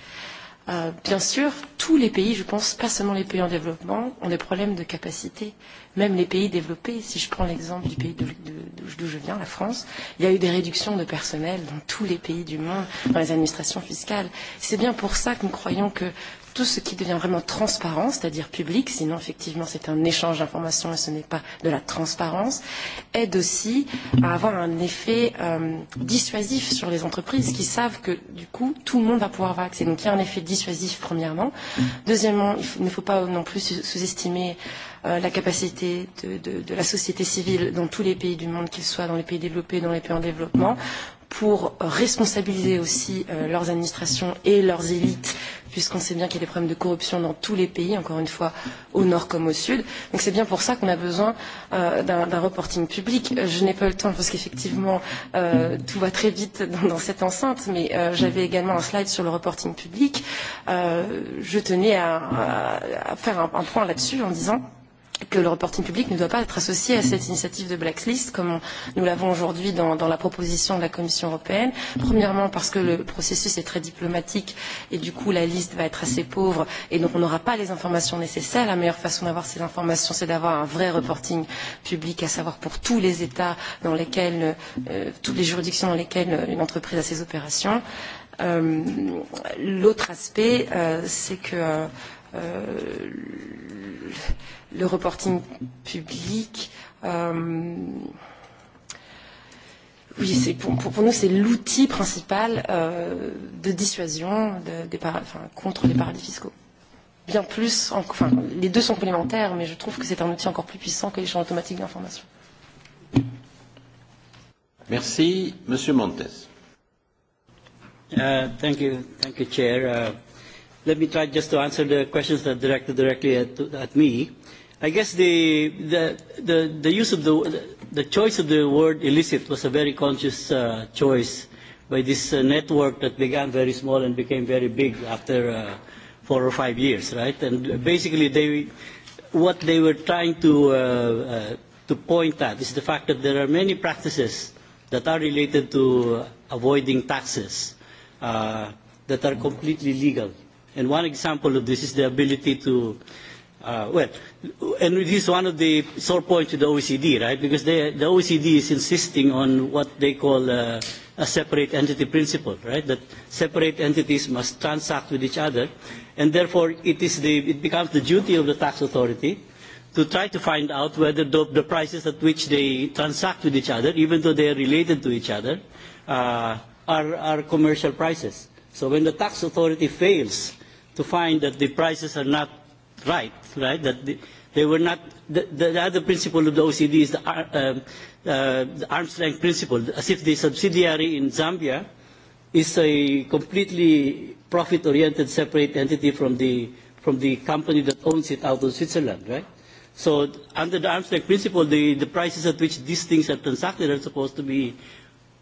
Euh, bien sûr, tous les pays, je pense, pas seulement les pays en développement, ont des problèmes de capacité. Même les pays développés, si je prends l'exemple du pays d'où je viens, la France, il y a eu des réductions de personnel dans tous les pays du monde, dans les administrations fiscales. C'est bien pour ça que nous croyons que tout ce qui devient vraiment transparent, c'est-à-dire public, sinon effectivement c'est un échange d'informations et ce n'est pas de la transparence, aide aussi à avoir un effet euh, dissuasif sur les entreprises qui savent que du coup tout le monde va pouvoir avoir accès. Donc il y a un effet dissuasif premièrement. Deuxièmement, il ne faut pas non plus sous-estimer euh, la capacité de, de, de la société civile dans tous les pays du monde, qu'ils soient dans les pays développés, dans les pays en développement pour responsabiliser aussi euh, leurs administrations et leurs élites puisqu'on sait bien qu'il y a des problèmes de corruption dans tous les pays, encore une fois, au nord comme au sud. Donc c'est bien pour ça qu'on a besoin euh, d'un reporting public. Euh, je n'ai pas le temps parce qu'effectivement, euh, tout va très vite dans, dans cette enceinte, mais euh, j'avais également un slide sur le reporting public. Euh, je tenais à, à, à faire un, un point là-dessus en disant que le reporting public ne doit pas être associé à cette initiative de blacklist, comme nous l'avons aujourd'hui dans, dans la proposition de la Commission européenne. Premièrement, parce que le processus est très diplomatique et du coup la liste va être assez pauvre et donc on n'aura pas les informations nécessaires. La meilleure façon d'avoir ces informations, c'est d'avoir un vrai reporting public, à savoir pour tous les États dans lesquels, euh, toutes les juridictions dans lesquelles euh, une entreprise a ses opérations. Euh, l'autre aspect, c'est que Euh, le reporting public. Euh, Oui, c'est pour, pour, pour nous, c'est l'outil principal euh, de dissuasion de, de para, enfin, contre les paradis fiscaux. Bien plus, en, enfin, les deux sont complémentaires, mais je trouve que c'est un outil encore plus puissant que les l'échange automatiques d'informations. Merci. Monsieur Montes. Uh, thank you, thank you, Chair. Uh, let me try just to answer the questions that directed directly at, at me. I guess the, the, the, the use of the, the choice of the word illicit was a very conscious uh, choice by this uh, network that began very small and became very big after uh, four or five years, right? And basically they, what they were trying to, uh, uh, to point at is the fact that there are many practices that are related to avoiding taxes uh, that are completely legal And one example of this is the ability to, uh, well, and this is one of the sore points of the OECD, right? Because they, the OECD is insisting on what they call uh, a separate entity principle, right? That separate entities must transact with each other, and therefore it, is the, it becomes the duty of the tax authority to try to find out whether the, the prices at which they transact with each other, even though they are related to each other, uh, are, are commercial prices. So when the tax authority fails to find that the prices are not right, right? That the, they were not, the, the other principle of the OCD is the, uh, uh, the arm's length principle, as if the subsidiary in Zambia is a completely profit-oriented separate entity from the, from the company that owns it out of Switzerland, right? So under the arm's length principle, the, the prices at which these things are transacted are supposed to be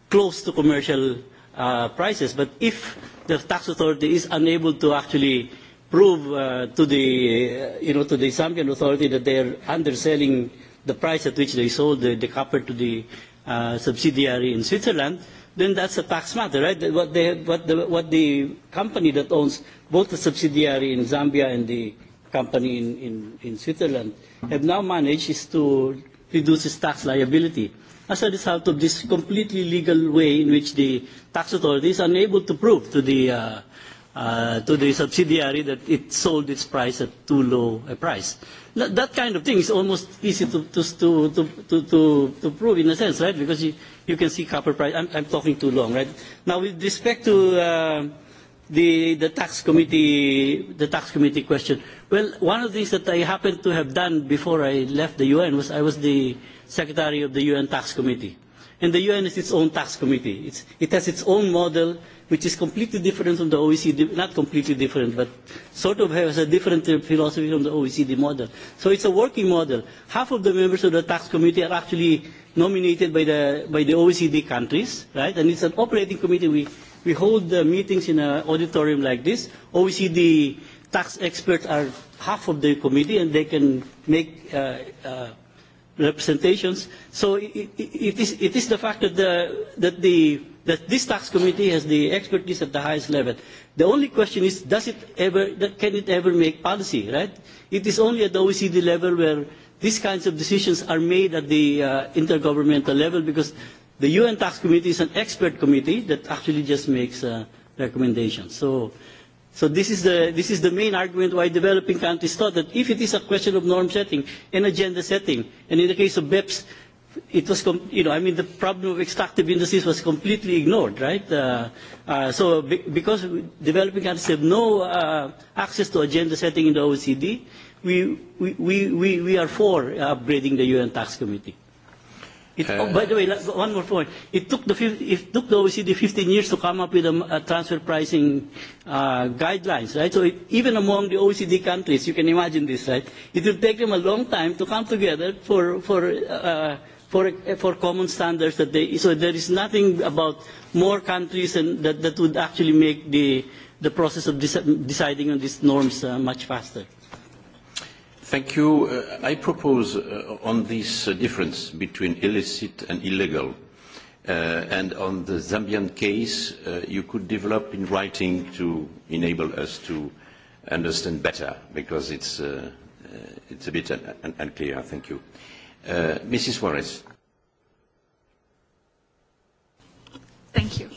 close to commercial Uh, prices. But if the tax authority is unable to actually prove uh, to the uh, you know to the Zambian authority that they are underselling the price at which they sold the, the copper to the uh, subsidiary in Switzerland, then that's a tax matter, right? What, they, what, the, what the company that owns both the subsidiary in Zambia and the company in, in, in Switzerland have now managed is to reduce its tax liability as a result of this completely legal way in which the tax authority is unable to prove to the uh, uh, to the subsidiary that it sold its price at too low a price. That, kind of thing is almost easy to, to, to, to, to, to, prove in a sense, right? Because you, you can see copper price. I'm, I'm talking too long, right? Now, with respect to uh, the, the tax committee, the tax committee question. Well, one of the things that I happened to have done before I left the UN was I was the secretary of the UN tax committee and the UN has its own tax committee. it has its own model, which is completely different from the OECD, not completely different, but sort of has a different philosophy from the OECD model. So it's a working model. Half of the members of the tax committee are actually nominated by the, by the OECD countries, right? And it's an operating committee. We, we hold the meetings in an auditorium like this. OECD tax experts are half of the committee, and they can make uh, uh representations. So it, it, is, it is the fact that, the, that, the, that this tax committee has the expertise at the highest level. The only question is, does it ever, can it ever make policy, right? It is only at the OECD level where these kinds of decisions are made at the uh, intergovernmental level because the UN tax committee is an expert committee that actually just makes uh, recommendations. So So this is, the, this is the main argument why developing countries thought that if it is a question of norm setting and agenda setting, and in the case of BEPS, it was, you know, I mean, the problem of extractive industries was completely ignored, right? Uh, uh, so be because developing countries have no uh, access to agenda setting in the OECD, we, we, we, we are for upgrading the UN Tax Committee. It, uh, oh, by the way, one more point. It took the it took the OECD 15 years to come up with a, a transfer pricing uh, guidelines, right? So it, even among the OECD countries, you can imagine this, right? It will take them a long time to come together for for uh, for for common standards that they. So there is nothing about more countries and that that would actually make the the process of deciding on these norms uh, much faster. Thank you. Uh, I propose uh, on this uh, difference between illicit and illegal, uh, and on the Zambian case, uh, you could develop in writing to enable us to understand better, because it's, uh, it's a bit unclear. Thank you. Mrs. Suarez. Thank you.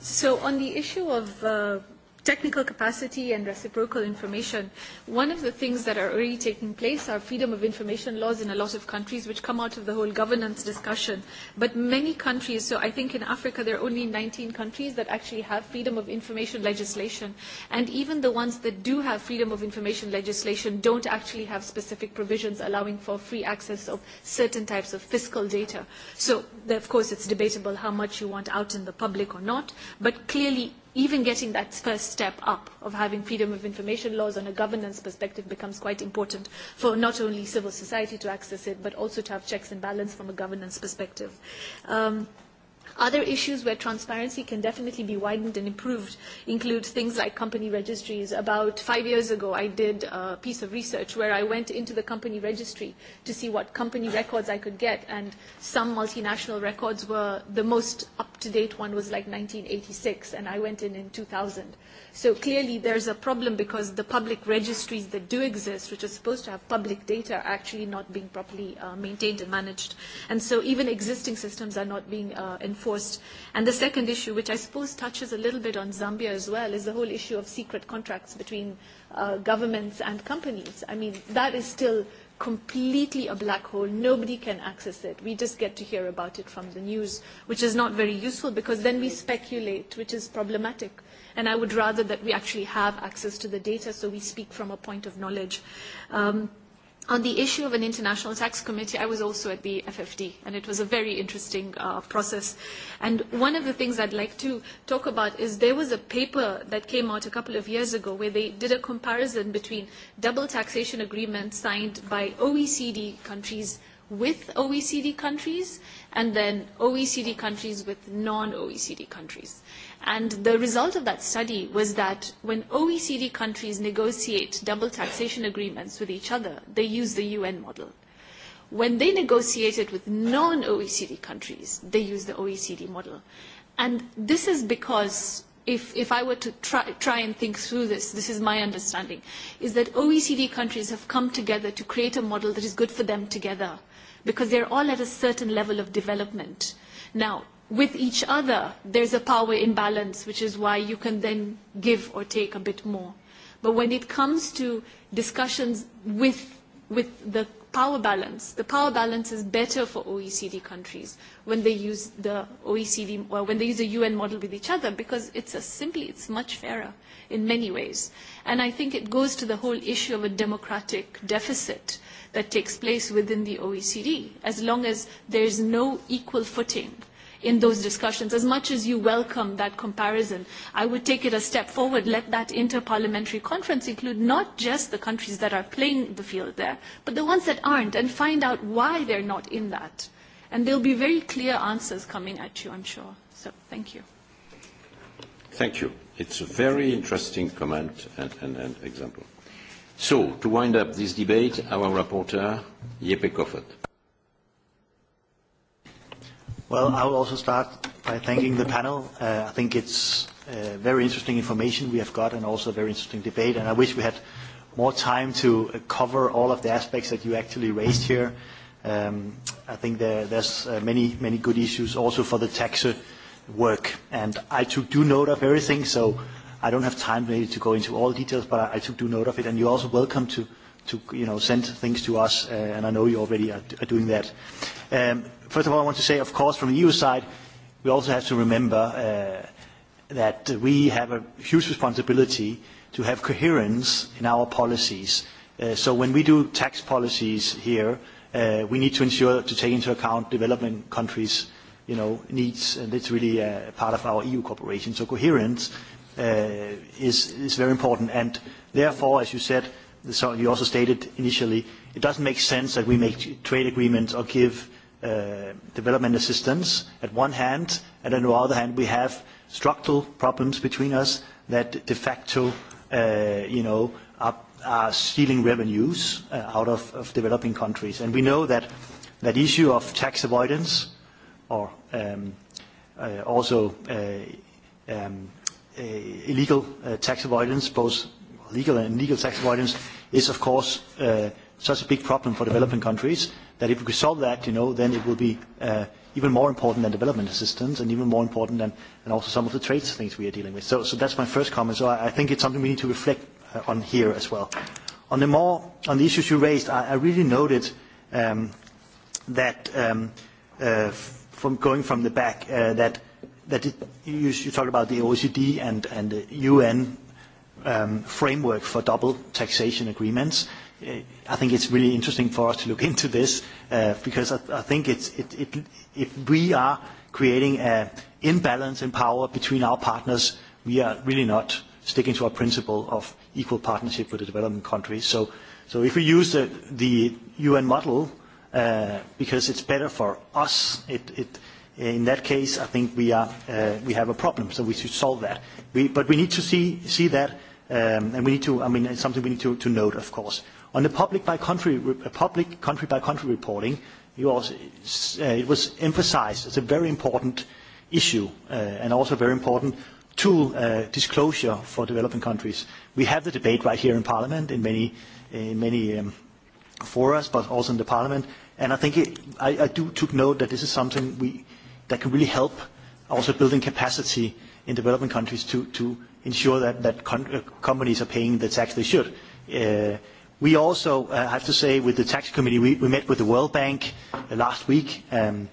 So on the issue of technical capacity and reciprocal information. One of the things that are already taking place are freedom of information laws in a lot of countries, which come out of the whole governance discussion. But many countries, so I think in Africa there are only 19 countries that actually have freedom of information legislation. And even the ones that do have freedom of information legislation don't actually have specific provisions allowing for free access of certain types of fiscal data. So, of course, it's debatable how much you want out in the public or not, but clearly even getting that first step up of having freedom of information laws on a governance perspective becomes quite important for not only civil society to access it, but also to have checks and balance from a governance perspective. Um, Other issues where transparency can definitely be widened and improved include things like company registries. About five years ago, I did a piece of research where I went into the company registry to see what company records I could get, and some multinational records were the most up-to-date one was like 1986, and I went in in 2000. So clearly there's a problem because the public registries that do exist, which are supposed to have public data, are actually not being properly uh, maintained and managed. And so even existing systems are not being uh, enforced. And the second issue, which I suppose touches a little bit on Zambia as well, is the whole issue of secret contracts between uh, governments and companies. I mean, that is still completely a black hole. Nobody can access it. We just get to hear about it from the news, which is not very useful because then we speculate, which is problematic and I would rather that we actually have access to the data so we speak from a point of knowledge. Um, on the issue of an international tax committee, I was also at the FFD, and it was a very interesting uh, process. And one of the things I'd like to talk about is there was a paper that came out a couple of years ago where they did a comparison between double taxation agreements signed by OECD countries with OECD countries and then OECD countries with non-OECD countries. And the result of that study was that when OECD countries negotiate double taxation agreements with each other, they use the UN model. When they negotiate it with non-OECD countries, they use the OECD model. And this is because if, if I were to try, try and think through this, this is my understanding, is that OECD countries have come together to create a model that is good for them together because they're all at a certain level of development. Now, with each other, there's a power imbalance, which is why you can then give or take a bit more. But when it comes to discussions with, with the power balance, the power balance is better for OECD countries when they use the OECD or when they use the UN model with each other because it's a, simply it's much fairer in many ways. And I think it goes to the whole issue of a democratic deficit that takes place within the OECD. As long as there's no equal footing in those discussions. As much as you welcome that comparison, I would take it a step forward, let that interparliamentary conference include not just the countries that are playing the field there, but the ones that aren't, and find out why they're not in that. And there'll be very clear answers coming at you, I'm sure. So thank you. Thank you. It's a very interesting comment and, and, and example. So, to wind up this debate, our rapporteur, Jeppe Koffert. Well, I will also start by thanking the panel. Uh, I think it's uh, very interesting information we have got and also a very interesting debate. And I wish we had more time to uh, cover all of the aspects that you actually raised here. Um, I think there, there's uh, many, many good issues also for the tax work. And I took due note of everything, so I don't have time maybe to go into all details, but I, I took due note of it. And you're also welcome to, to you know, send things to us, uh, and I know you already are, are doing that. Um, first of all, I want to say, of course, from the EU side, we also have to remember uh, that we have a huge responsibility to have coherence in our policies. Uh, so when we do tax policies here, uh, we need to ensure to take into account developing countries' you know, needs, and it's really uh, part of our EU cooperation. So coherence uh, is, is very important, and therefore, as you said, so you also stated initially, it doesn't make sense that we make trade agreements or give uh, development assistance at one hand, and on the other hand, we have structural problems between us that de facto, uh, you know, are, are stealing revenues uh, out of, of developing countries. And we know that that issue of tax avoidance or um, uh, also uh, um, uh, illegal uh, tax avoidance, both legal and illegal tax avoidance, is of course uh, such a big problem for developing countries that if we could solve that, you know, then it will be uh, even more important than development assistance and even more important than, and also some of the trade things we are dealing with. So, so that's my first comment. So I, I think it's something we need to reflect uh, on here as well. On the more, on the issues you raised, I, I really noted um, that um, uh, from going from the back, uh, that, that it, you, you talked about the OECD and, and the UN um, framework for double taxation agreements i think it's really interesting for us to look *laughs* into this uh, because I, I think it's, it, it, if we are creating an imbalance in power between our partners, we are really not sticking to our principle of equal partnership with the developing countries. So, so if we use the, the UN model uh, because it's better for us, it, it, in that case, I think we, are, uh, we have a problem, so we should solve that. We, but we need to see, see that, um, and we need to, I mean, it's something we need to, to note, of course. On the public by country, uh, public country by country reporting, you also, uh, it was emphasized as a very important issue uh, and also a very important tool uh, disclosure for developing countries. We have the debate right here in Parliament in many, in many um, forums, but also in the Parliament. And I think it, I, I do took note that this is something we, that can really help also building capacity in developing countries to, to ensure that, that uh, companies are paying the tax they should. Uh, We also, I uh, have to say, with the tax committee, we, we met with the World Bank uh, last week. Um,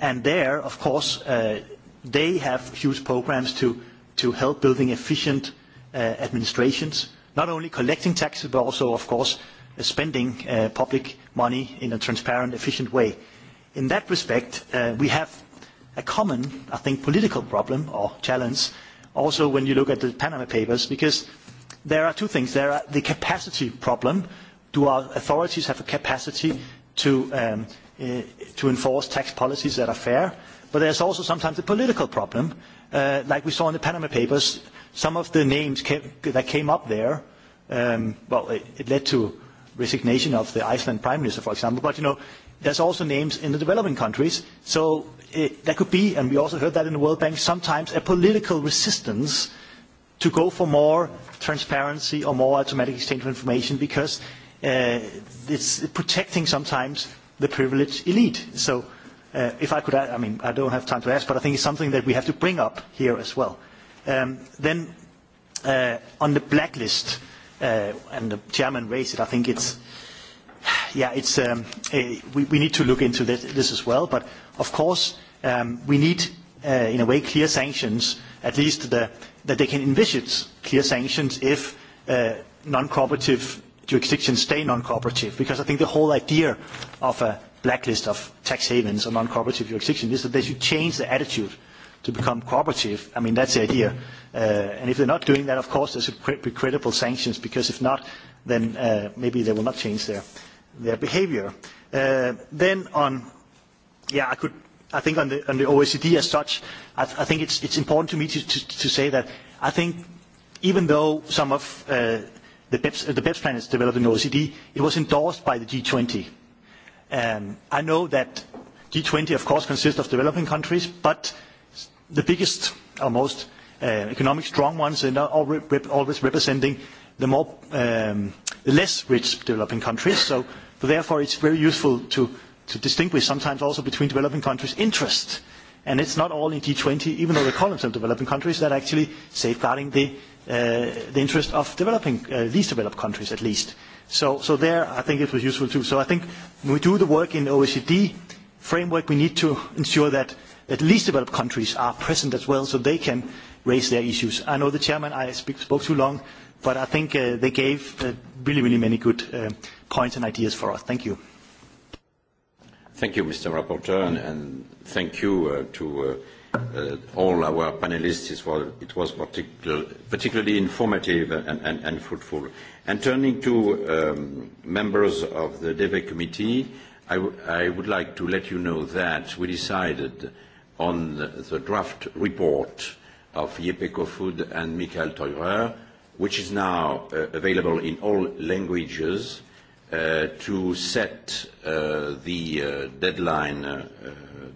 and there, of course, uh, they have huge programs to, to help building efficient administrations, not only collecting taxes, but also, of course, spending public money in a transparent, efficient way. In that respect, we have a common, I think, political problem or challenge also when you look at the Panama Papers, because there are two things. There are the capacity problem. Do our authorities have a capacity to, um, uh, to enforce tax policies that are fair? But there's also sometimes a political problem. Uh, like we saw in the Panama Papers, some of the names came, that came up there, um, well, it, it led to resignation of the Iceland Prime Minister, for example. But, you know, there's also names in the developing countries. So it, uh, there could be, and we also heard that in the World Bank, sometimes a political resistance uh, to go for more transparency or more automatic exchange of information because uh, it's protecting sometimes the privileged elite. So uh, if I could, I mean, I don't have time to ask, but I think it's something that we have to bring up here as well. Um, then uh, on the blacklist, uh, and the chairman raised it, I think it's, yeah, it's, um, we, we need to look into this, as well. But of course, um, we need, in a way, clear sanctions, at least the that they can envisage clear sanctions if uh, non-cooperative jurisdictions stay non-cooperative. Because I think the whole idea of a blacklist of tax havens or non-cooperative jurisdictions is that they should change their attitude to become cooperative. I mean, that's the idea. Uh, and if they're not doing that, of course, there should be credible sanctions, because if not, then uh, maybe they will not change their, their behavior. Uh, then on, yeah, I could i think on the, on the OECD as such, I, think it's, it's important to me to, to, say that I think even though some of uh, the, BEPS, the BEPS plan is developed in OECD, it was endorsed by the G20. Um, I know that G20, of course, consists of developing countries, but the biggest or most uh, economic strong ones are not always representing the, more, the um, less rich developing countries. so therefore, it's very useful to to distinguish sometimes also between developing countries' interests. And it's not all in G20, even though they call themselves developing countries, that are actually safeguarding the, uh, the interest of developing, least uh, developed countries at least. So, so there, I think it was useful too. So I think when we do the work in OECD framework, we need to ensure that at least developed countries are present as well so they can raise their issues. I know the chairman, I speak, spoke too long, but I think uh, they gave uh, really, really many good points and ideas for us. Thank you. Thank you, Mr. Rapporteur, and, thank you uh, to uh, uh all our panelists. was it was particular, particularly informative and, and, and fruitful. And turning to um, members of the DEVE committee, I, I would like to let you know that we decided on the draft report of Yepeko Food and Michael Teurer, which is now uh, available in all languages Uh, to set uh, the uh, deadline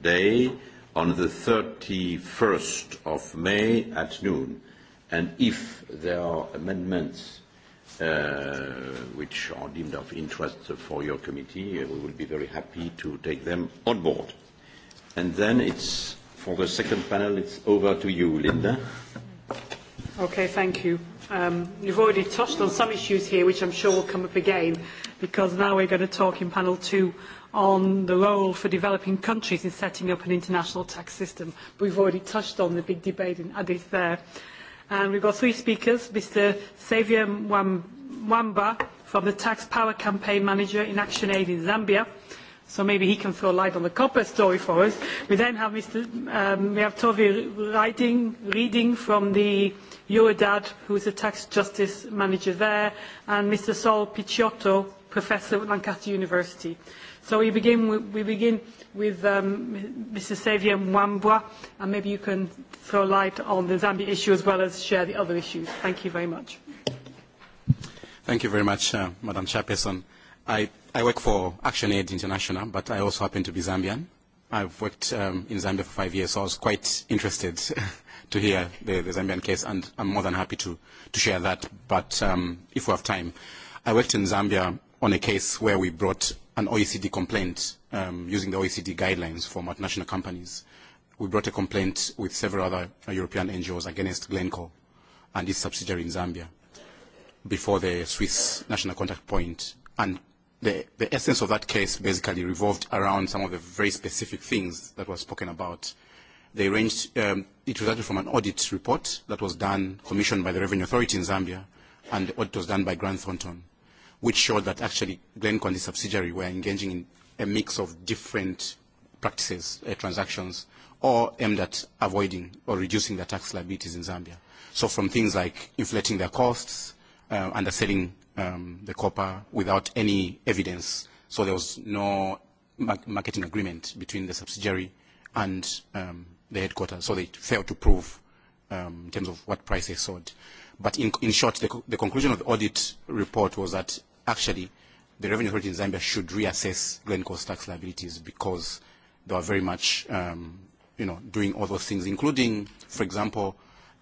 day on the 31st of May at noon. And if there are amendments which are deemed of interest for your committee, we will be very happy to take them on board. And then it's, for the second panel, it's over to you, Linda. Okay, thank you. Um, you've already touched on some issues here, which I'm sure will come up again, because now we're going to talk in panel two on the role for developing countries in setting up an international tax system. But we've already touched on the big debate in Addis there. And we've got three speakers, Mr. Xavier Mwamba from the Tax Power Campaign Manager in Action Aid in Zambia, so maybe he can throw light on the copper story for us. We then have Mr. Um, writing, reading from the Eurodad, who is a tax justice manager there, and Mr. Sol Picciotto, professor at Lancaster University. So we begin with, we begin with Mr. Um, Xavier Mwambwa, and maybe you can throw light on the Zambia issue as well as share the other issues. Thank you very much. Thank you very much, uh, Madam Chairperson. I, I work for ActionAid International, but I also happen to be Zambian. I've worked um, in Zambia for five years, so I was quite interested *laughs* to hear the, the Zambian case, and I'm more than happy to, to share that. But um, if we have time, I worked in Zambia on a case where we brought an OECD complaint um, using the OECD guidelines for multinational companies. We brought a complaint with several other uh, European NGOs against Glencore and its subsidiary in Zambia before the Swiss National Contact Point. And the, the essence of that case basically revolved around some of the very specific things that were spoken about. They ranged, um, it resulted from an audit report that was done, commissioned by the Revenue Authority in Zambia, and the audit was done by Grant Thornton, which showed that actually Glencoe the subsidiary were engaging in a mix of different practices, uh, transactions, or aimed at avoiding or reducing their tax liabilities in Zambia. So from things like inflating their costs, uh, underselling um, the copper without any evidence. So there was no marketing agreement between the subsidiary and um, the headquarters. So they failed to prove um, in terms of what price they sold. But in, in short, the, the conclusion of the audit report was that actually the Revenue Authority in Zambia should reassess Glencore's tax liabilities because they were very much um, you know, doing all those things, including, for example,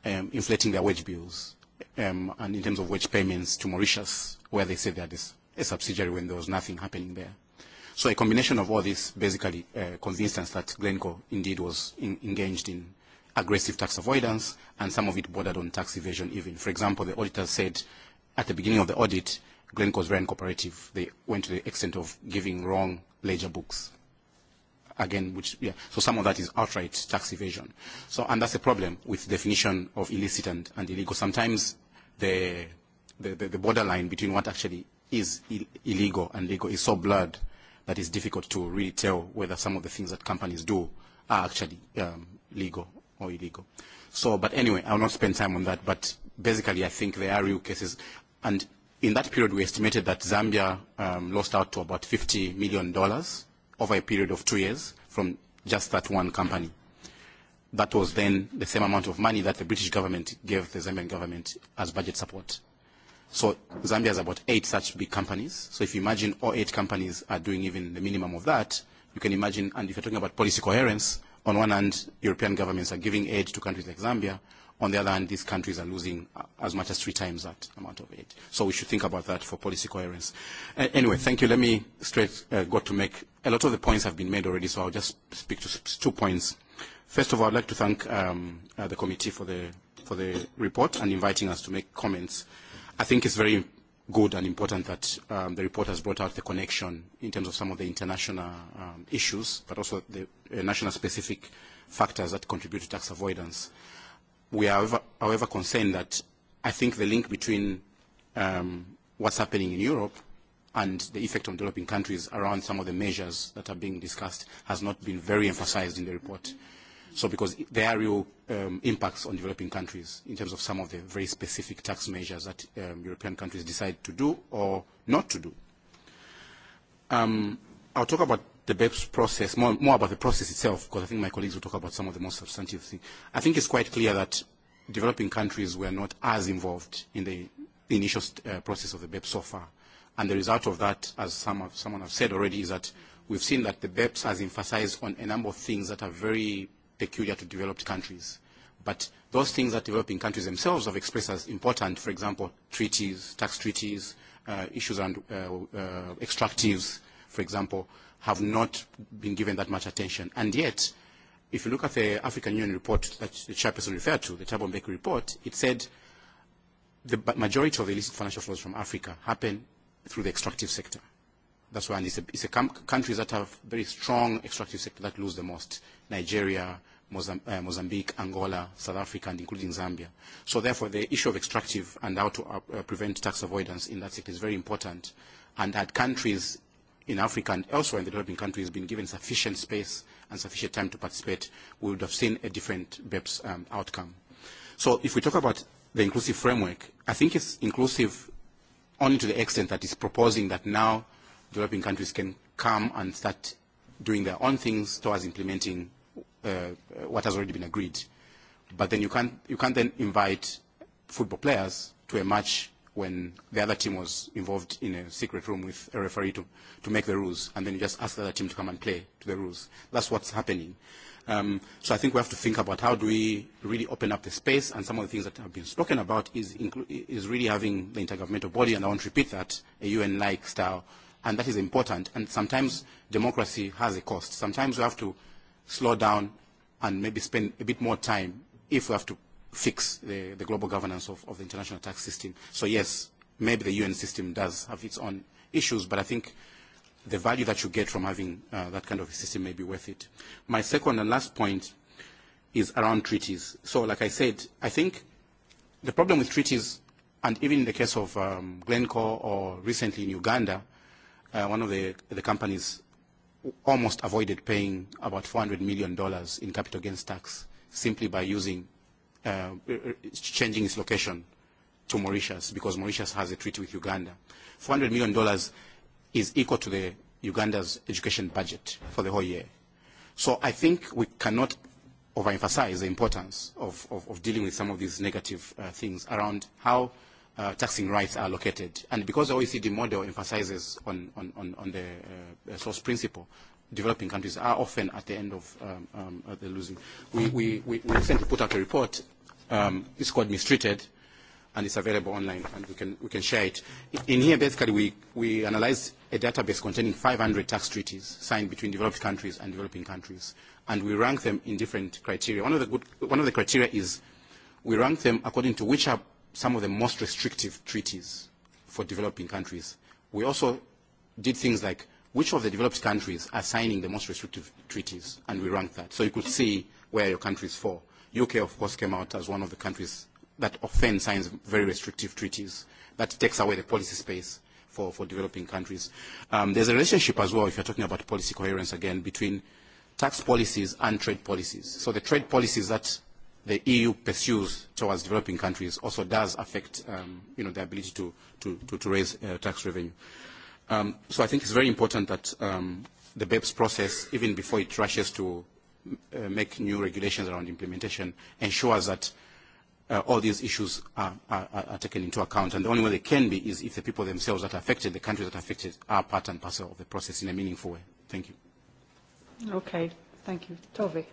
um, inflating their wage bills um, and in terms of wage payments to Mauritius, where they said they had a subsidiary when there was nothing happening there. So a combination of all this basically uh, convinced us that Glencore indeed was in, engaged in aggressive tax avoidance, and some of it bordered on tax evasion even. For example, the auditor said at the beginning of the audit, Glencore's very uncooperative. They went to the extent of giving wrong ledger books again, which, yeah, so some of that is outright tax evasion. So, and that's a problem with definition of illicit and, and illegal. Sometimes the, the, the, the borderline between what actually is Ill illegal and legal is so blurred that it's difficult to really tell whether some of the things that companies do are actually um, legal or illegal. So, but anyway, I will not spend time on that, but basically I think there are real cases. And in that period, we estimated that Zambia um, lost out to about $50 million dollars over a period of two years from just that one company. That was then the same amount of money that the British government gave the Zambian government as budget support. So Zambia has about eight such big companies. So if you imagine all eight companies are doing even the minimum of that, you can imagine, and if you're talking about policy coherence, on one hand, European governments are giving aid to countries like Zambia, on the other hand, these countries are losing uh, as much as three times that amount of aid. So we should think about that for policy coherence. anyway, thank you. Let me straight uh, go to make a lot of the points have been made already, so I'll just speak to two points. First of all, I'd like to thank um, uh, the committee for the, for the report and inviting us to make comments. I think it's very good and important that um, the report has brought out the connection in terms of some of the international um, issues, but also the uh, national-specific factors that contribute to tax avoidance. We are, however, concerned that I think the link between um, what's happening in Europe and the effect on developing countries around some of the measures that are being discussed has not been very emphasized in the report. So because there are real um, impacts on developing countries in terms of some of the very specific tax measures that um, European countries decide to do or not to do. Um, I'll talk about the BEPS process, more, more about the process itself, because I think my colleagues will talk about some of the most substantive things. I think it's quite clear that developing countries were not as involved in the initial uh, process of the BEPS so far. And the result of that, as some have, someone has said already, is that we've seen that the BEPS has emphasized on a number of things that are very peculiar to developed countries. But those things that developing countries themselves have expressed as important, for example, treaties, tax treaties, uh, issues and uh, uh, extractives, for example, have not been given that much attention. And yet, if you look at the African Union report that the chairperson referred to, the Thabo report, it said the majority of the illicit financial flows from Africa happen through the extractive sector. That's why it's, a, it's a countries that have very strong extractive sector that lose the most. Nigeria, uh, Mozambique, Angola, South Africa, and including Zambia. So therefore, the issue of extractive and how to uh, prevent tax avoidance in that sector is very important. And that countries in Africa and elsewhere in the developing countries been given sufficient space and sufficient time to participate, we would have seen a different BEPS um, outcome. So if we talk about the inclusive framework, I think it's inclusive only to the extent that it's proposing that now developing countries can come and start doing their own things towards implementing uh, what has already been agreed. But then you can't, you can't then invite football players to a match when the other team was involved in a secret room with a referee to, to make the rules, and then you just ask the other team to come and play to the rules. That's what's happening. Um, so I think we have to think about how do we really open up the space, and some of the things that have been spoken about is, is really having the intergovernmental body, and I won't repeat that, a UN-like style, and that is important. And sometimes democracy has a cost. Sometimes we have to slow down and maybe spend a bit more time if we have to fix the, the global governance of, of the international tax system. So yes, maybe the UN system does have its own issues, but I think the value that you get from having uh, that kind of a system may be worth it. My second and last point is around treaties. So like I said, I think the problem with treaties, and even in the case of um, Glencore or recently in Uganda, uh, one of the, the companies almost avoided paying about $400 million in capital gains tax simply by using Uh, uh, changing its location to Mauritius because Mauritius has a treaty with Uganda. $400 million is equal to the Uganda's education budget for the whole year. So I think we cannot overemphasize the importance of, of, of dealing with some of these negative uh, things around how uh, taxing rights are located. And because the OECD model emphasizes on, on, on the uh, source principle, developing countries are often at the end of um, um, uh, the losing. We, we, we recently put out a report. Um, it's called Mistreated, and it's available online, and we can, we can share it. In here, basically, we, we analyzed a database containing 500 tax treaties signed between developed countries and developing countries, and we rank them in different criteria. One of the, good, one of the criteria is we rank them according to which are some of the most restrictive treaties for developing countries. We also did things like which of the developed countries are signing the most restrictive treaties, and we rank that. So you could see where your countries fall. UK, of course, came out as one of the countries that often signs very restrictive treaties that takes away the policy space for, for developing countries. Um, there's a relationship as well, if you're talking about policy coherence again, between tax policies and trade policies. So the trade policies that the EU pursues towards developing countries also does affect um, you know, the ability to, to, to, to raise uh, tax revenue. Um, so I think it's very important that um, the BEPS process, even before it rushes to uh, make new regulations around implementation, ensures that uh, all these issues are, are, are taken into account. And the only way they can be is if the people themselves that are affected, the countries that are affected, are part and parcel of the process in a meaningful way. Thank you. Okay. Thank you. Tove.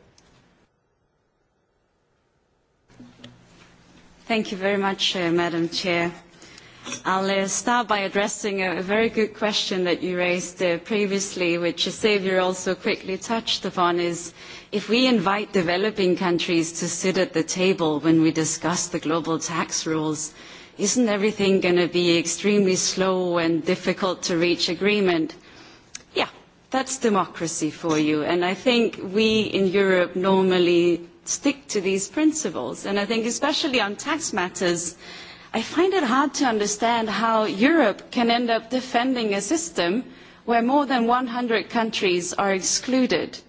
Thank you very much, uh, Madam Chair. I'll uh, start by addressing a, very good question that you raised uh, previously, which Xavier also quickly touched upon, is if we invite developing countries to sit at the table when we discuss the global tax rules, isn't everything going to be extremely slow and difficult to reach agreement? Yeah, that's democracy for you. And I think we in Europe normally stick to these principles. And I think especially on tax matters, i find it hard to understand how Europe can end up defending a system where more than 100 countries are excluded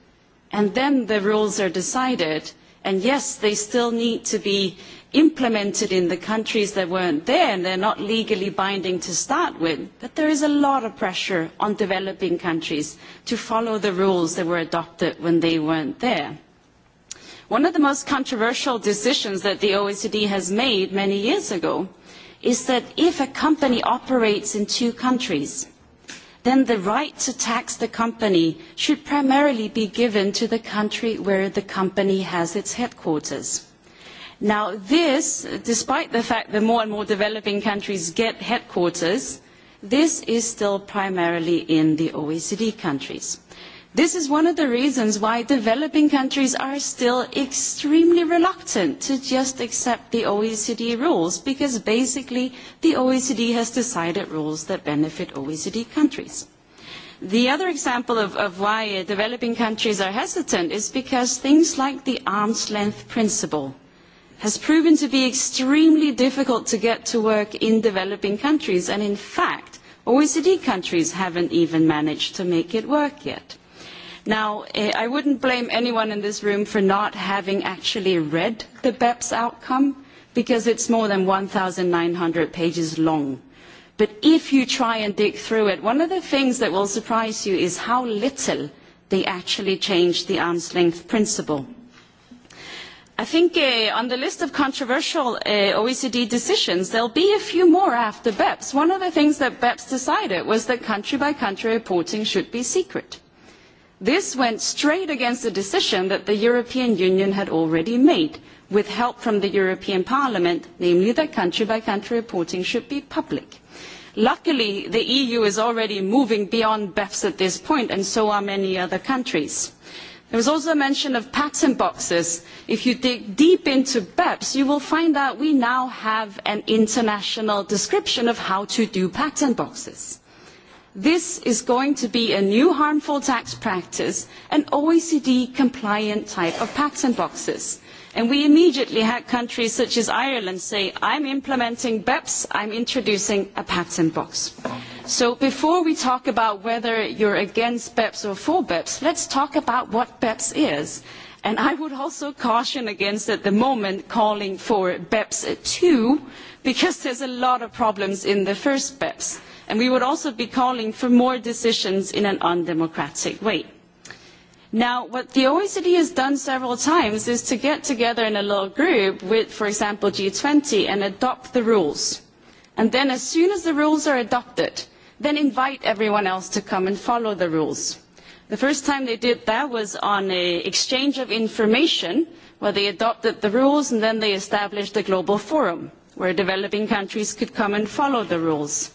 and then the rules are decided and yes they still need to be implemented in the countries that weren't there and they're not legally binding to start with but there is a lot of pressure on developing countries to follow the rules that were adopted when they weren't there one of the most controversial decisions that the OECD has made many years ago is that if a company operates in two countries, then the right to tax the company should primarily be given to the country where the company has its headquarters. Now this, despite the fact that more and more developing countries get headquarters, this is still primarily in the OECD countries. This is one of the reasons why developing countries are still extremely reluctant to just accept the OECD rules because basically the OECD has decided rules that benefit OECD countries. The other example of, of why developing countries are hesitant is because things like the arm's length principle has proven to be extremely difficult to get to work in developing countries and in fact OECD countries haven't even managed to make it work yet. Now, eh, I wouldn't blame anyone in this room for not having actually read the BEPS outcome, because it's more than 1,900 pages long. But if you try and dig through it, one of the things that will surprise you is how little they actually changed the arm's length principle. I think eh, on the list of controversial eh, OECD decisions, there'll be a few more after BEPS. One of the things that BEPS decided was that country by country reporting should be secret. This went straight against the decision that the European Union had already made, with help from the European Parliament, namely that country by country reporting should be public. Luckily, the EU is already moving beyond BEFS at this point, and so are many other countries. There was also a mention of patent boxes. If you dig deep into BEPS, you will find out we now have an international description of how to do patent boxes This is going to be a new harmful tax practice, an OECD compliant type of patent boxes. And we immediately had countries such as Ireland say, I'm implementing BEPS, I'm introducing a patent box. So before we talk about whether you're against BEPS or for BEPS, let's talk about what BEPS is and i would also caution against at the moment calling for beps ii because there are a lot of problems in the first beps and we would also be calling for more decisions in an undemocratic way. now what the oecd has done several times is to get together in a little group with for example g twenty and adopt the rules and then as soon as the rules are adopted then invite everyone else to come and follow the rules The first time they did that was on an exchange of information where they adopted the rules and then they established a global forum where developing countries could come and follow the rules.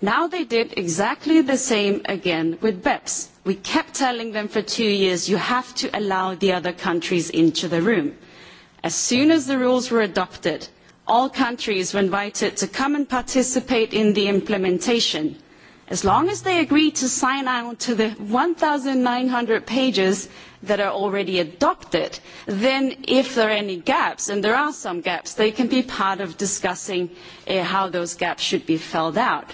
Now they did exactly the same again with BEPS. We kept telling them for two years, you have to allow the other countries into the room. As soon as the rules were adopted, all countries were invited to come and participate in the implementation as long as they agree to sign on to the 1,900 pages that are already adopted, then if there are any gaps, and there are some gaps, they can be part of discussing uh, how those gaps should be filled out.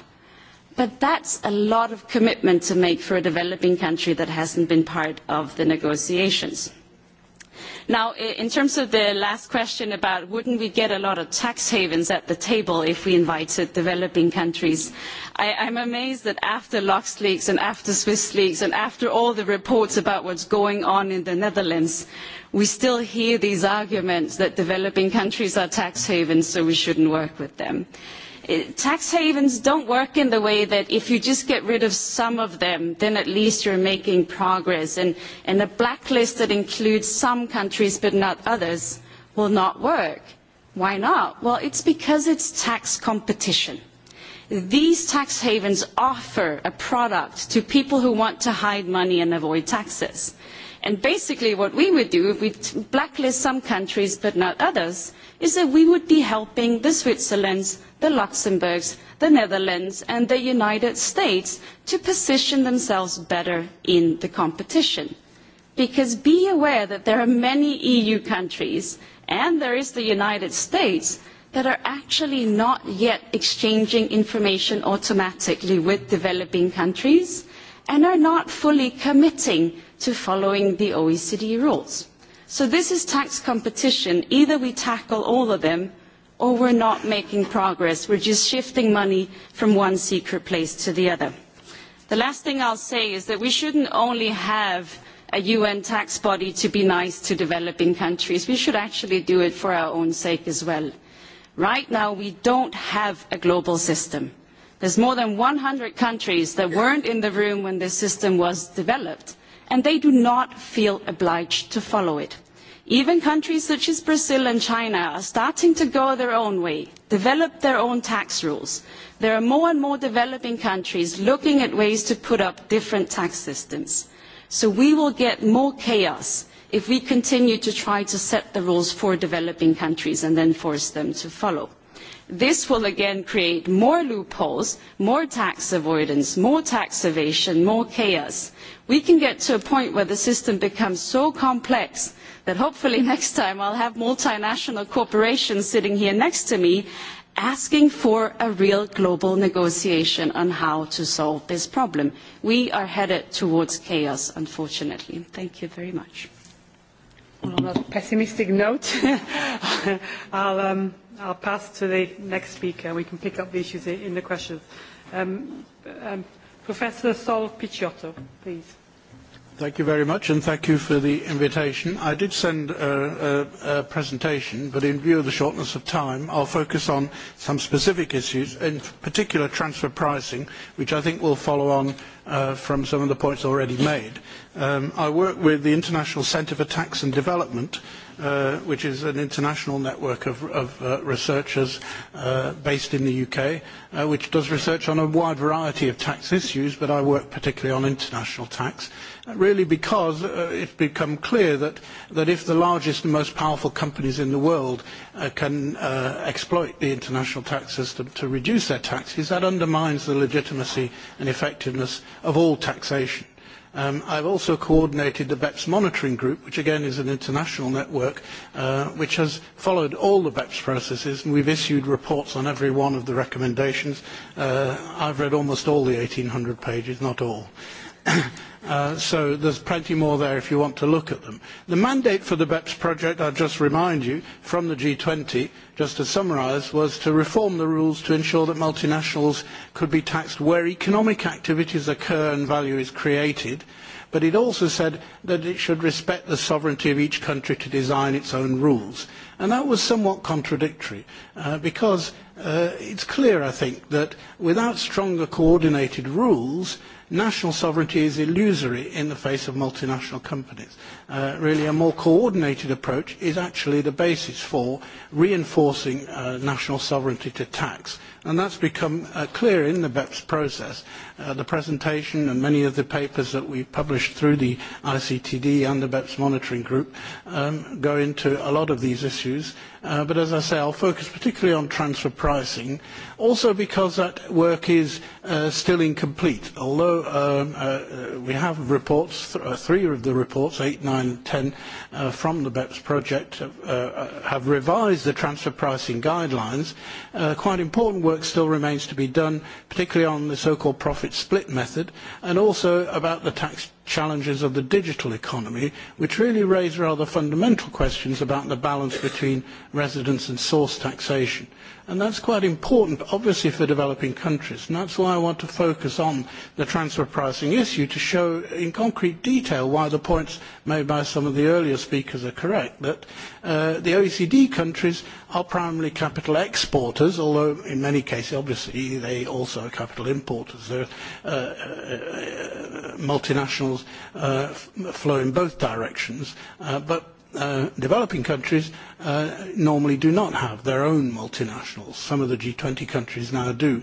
But that's a lot of commitment to make for a developing country that hasn't been part of the negotiations. Now, in terms of the last question about wouldn't we get a lot of tax havens at the table if we invited developing countries, I, I'm amazed that after LuxLeaks and after Swiss Leaks and after all the reports about what's going on in the Netherlands, we still hear these arguments that developing countries are tax havens, so we shouldn't work with them. Eh, tax havens don't work in the way that if you just get rid of some of them then at least you're making progress and, a blacklist that includes some countries but not others will not work. why not? well it's because it's tax competition. these tax havens offer a product to people who want to hide money and avoid taxes. And basically what we would do if we blacklist some countries but not others is that we would be helping the switzerlands the Luxembourgs, the Netherlands and the United States to position themselves better in the competition. Because be aware that there are many EU countries and there is the United States that are actually not yet exchanging information automatically with developing countries and are not fully committing to following the OECD rules. So this is tax competition. Either we tackle all of them or we're not making progress. We're just shifting money from one secret place to the other. The last thing I'll say is that we shouldn't only have a UN tax body to be nice to developing countries. We should actually do it for our own sake as well. Right now, we don't have a global system. There's more than 100 countries that weren't in the room when this system was developed, and they do not feel obliged to follow it. Even countries such as Brazil and China are starting to go their own way, develop their own tax rules. There are more and more developing countries looking at ways to put up different tax systems. So we will get more chaos if we continue to try to set the rules for developing countries and then force them to follow. This will again create more loopholes, more tax avoidance, more tax evasion, more chaos. We can get to a point where the system becomes so complex that hopefully next time I'll have multinational corporations sitting here next to me asking for a real global negotiation on how to solve this problem. We are headed towards chaos, unfortunately. Thank you very much. on a pessimistic note, *laughs* I'll, um, pass to the next speaker. We can pick up the issues in the questions. um, um Professor Sol Picciotto, please. Thank you very much, and thank you for the invitation. I did send a, presentation, but in view of the shortness of time, I'll focus on some specific issues, in particular transfer pricing, which I think will follow on uh, from some of the points already made. Um, I work with the International Centre for Tax and Development, uh, which is an international network of, of uh, researchers based in the UK, which does research on a wide variety of tax issues, but I work particularly on international tax really because uh, it become clear that, that if the largest and most powerful companies in the world uh, can uh, exploit the international tax system to reduce their taxes, that undermines the legitimacy and effectiveness of all taxation. Um, I also coordinated the BEPS monitoring group, which again is an international network, uh, which has followed all the BEPS processes, and we've issued reports on every one of the recommendations. Uh, I've read almost all the 1,800 pages, not all. *coughs* So uh, so there's plenty more there if you want to look at them. The mandate for the BEPS project, I'll just remind you, from the G20, just to summarise, was to reform the rules to ensure that multinationals could be taxed where economic activities occur and value is created. But it also said that it should respect the sovereignty of each country to design its own rules. And that was somewhat contradictory uh, because it uh, it's clear, I think, that without stronger coordinated rules, National sovereignty is illusory in the face of multinational companies. Uh, really a more coordinated approach is actually the basis for reinforcing uh, national sovereignty to tax. And that's become uh, clear in the BEPS process. the presentation and many of the papers that we published through the ICTD and the BEPS monitoring group um, go into a lot of these issues. but as I say, I'll focus particularly on transfer pricing, also because that work is still incomplete. Although um, we have reports, three of the reports, eight, on Uh, from the BEPS project uh, uh, have revised the transfer pricing guidelines, quite important work still remains to be done, particularly on the so-called profit split method, and also about the tax challenges of the digital economy, which really raise rather fundamental questions about the balance between residence and source taxation. And that's quite important, obviously, for developing countries. And that's why I want to focus on the transfer pricing issue to show in concrete detail why the points made by some of the earlier previous speakers are correct that uh, the OECD countries are primarily capital exporters, although in many cases, obviously, they also are capital importers. There are uh, uh, multinationals uh, flow in both directions, uh, but Uh, developing countries uh, normally do not have their own multinationals. Some of the G20 countries now do.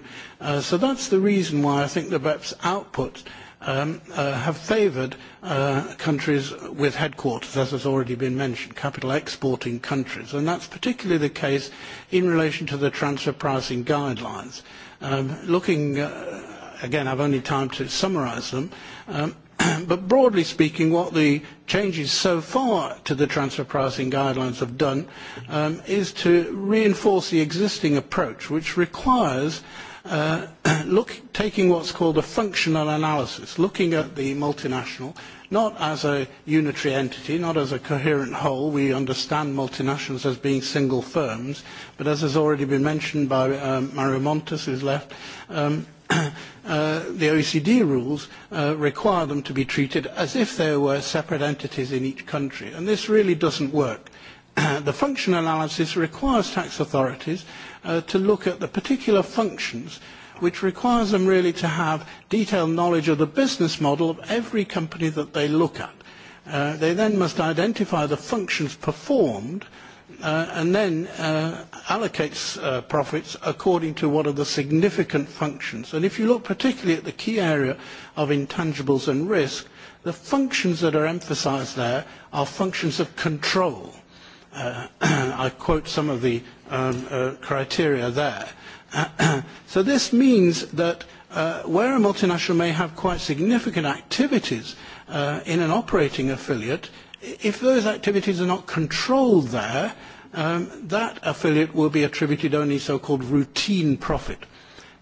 so that's the reason why I think the BEPS output um, uh, have favoured uh, countries with headquarters, as has already been mentioned, capital exporting countries. And that's particularly the case in relation to the transfer pricing guidelines. Um, looking, uh, again, I've only time to summarise them, um, *clears throat* but broadly speaking, what the changes so far to the transfer pricing guidelines have done um, is to reinforce the existing approach, which requires Uh, *clears throat* look, taking what's called a functional analysis, looking at the multinational, not as a unitary entity, not as a coherent whole. We understand multinationals as being single firms, but as has already been mentioned by um, Mario Montes, who's left, um, *clears throat* uh, the OECD rules uh, require them to be treated as if they were separate entities in each country. And this really doesn't work. *clears throat* the functional analysis requires tax authorities Uh, to look at the particular functions which requires them really to have detailed knowledge of the business model of every company that they look at. Uh, they then must identify the functions performed uh, and then uh, profits according to what are the significant functions. And if you look particularly at the key area of intangibles and risk, the functions that are emphasized there are functions of control. *clears throat* I quote some of the um, uh, criteria there. *clears throat* so this means that uh, where a multinational may have quite significant activities uh, in an operating affiliate, if those activities are not controlled there, um, that affiliate will be attributed only so-called routine profit.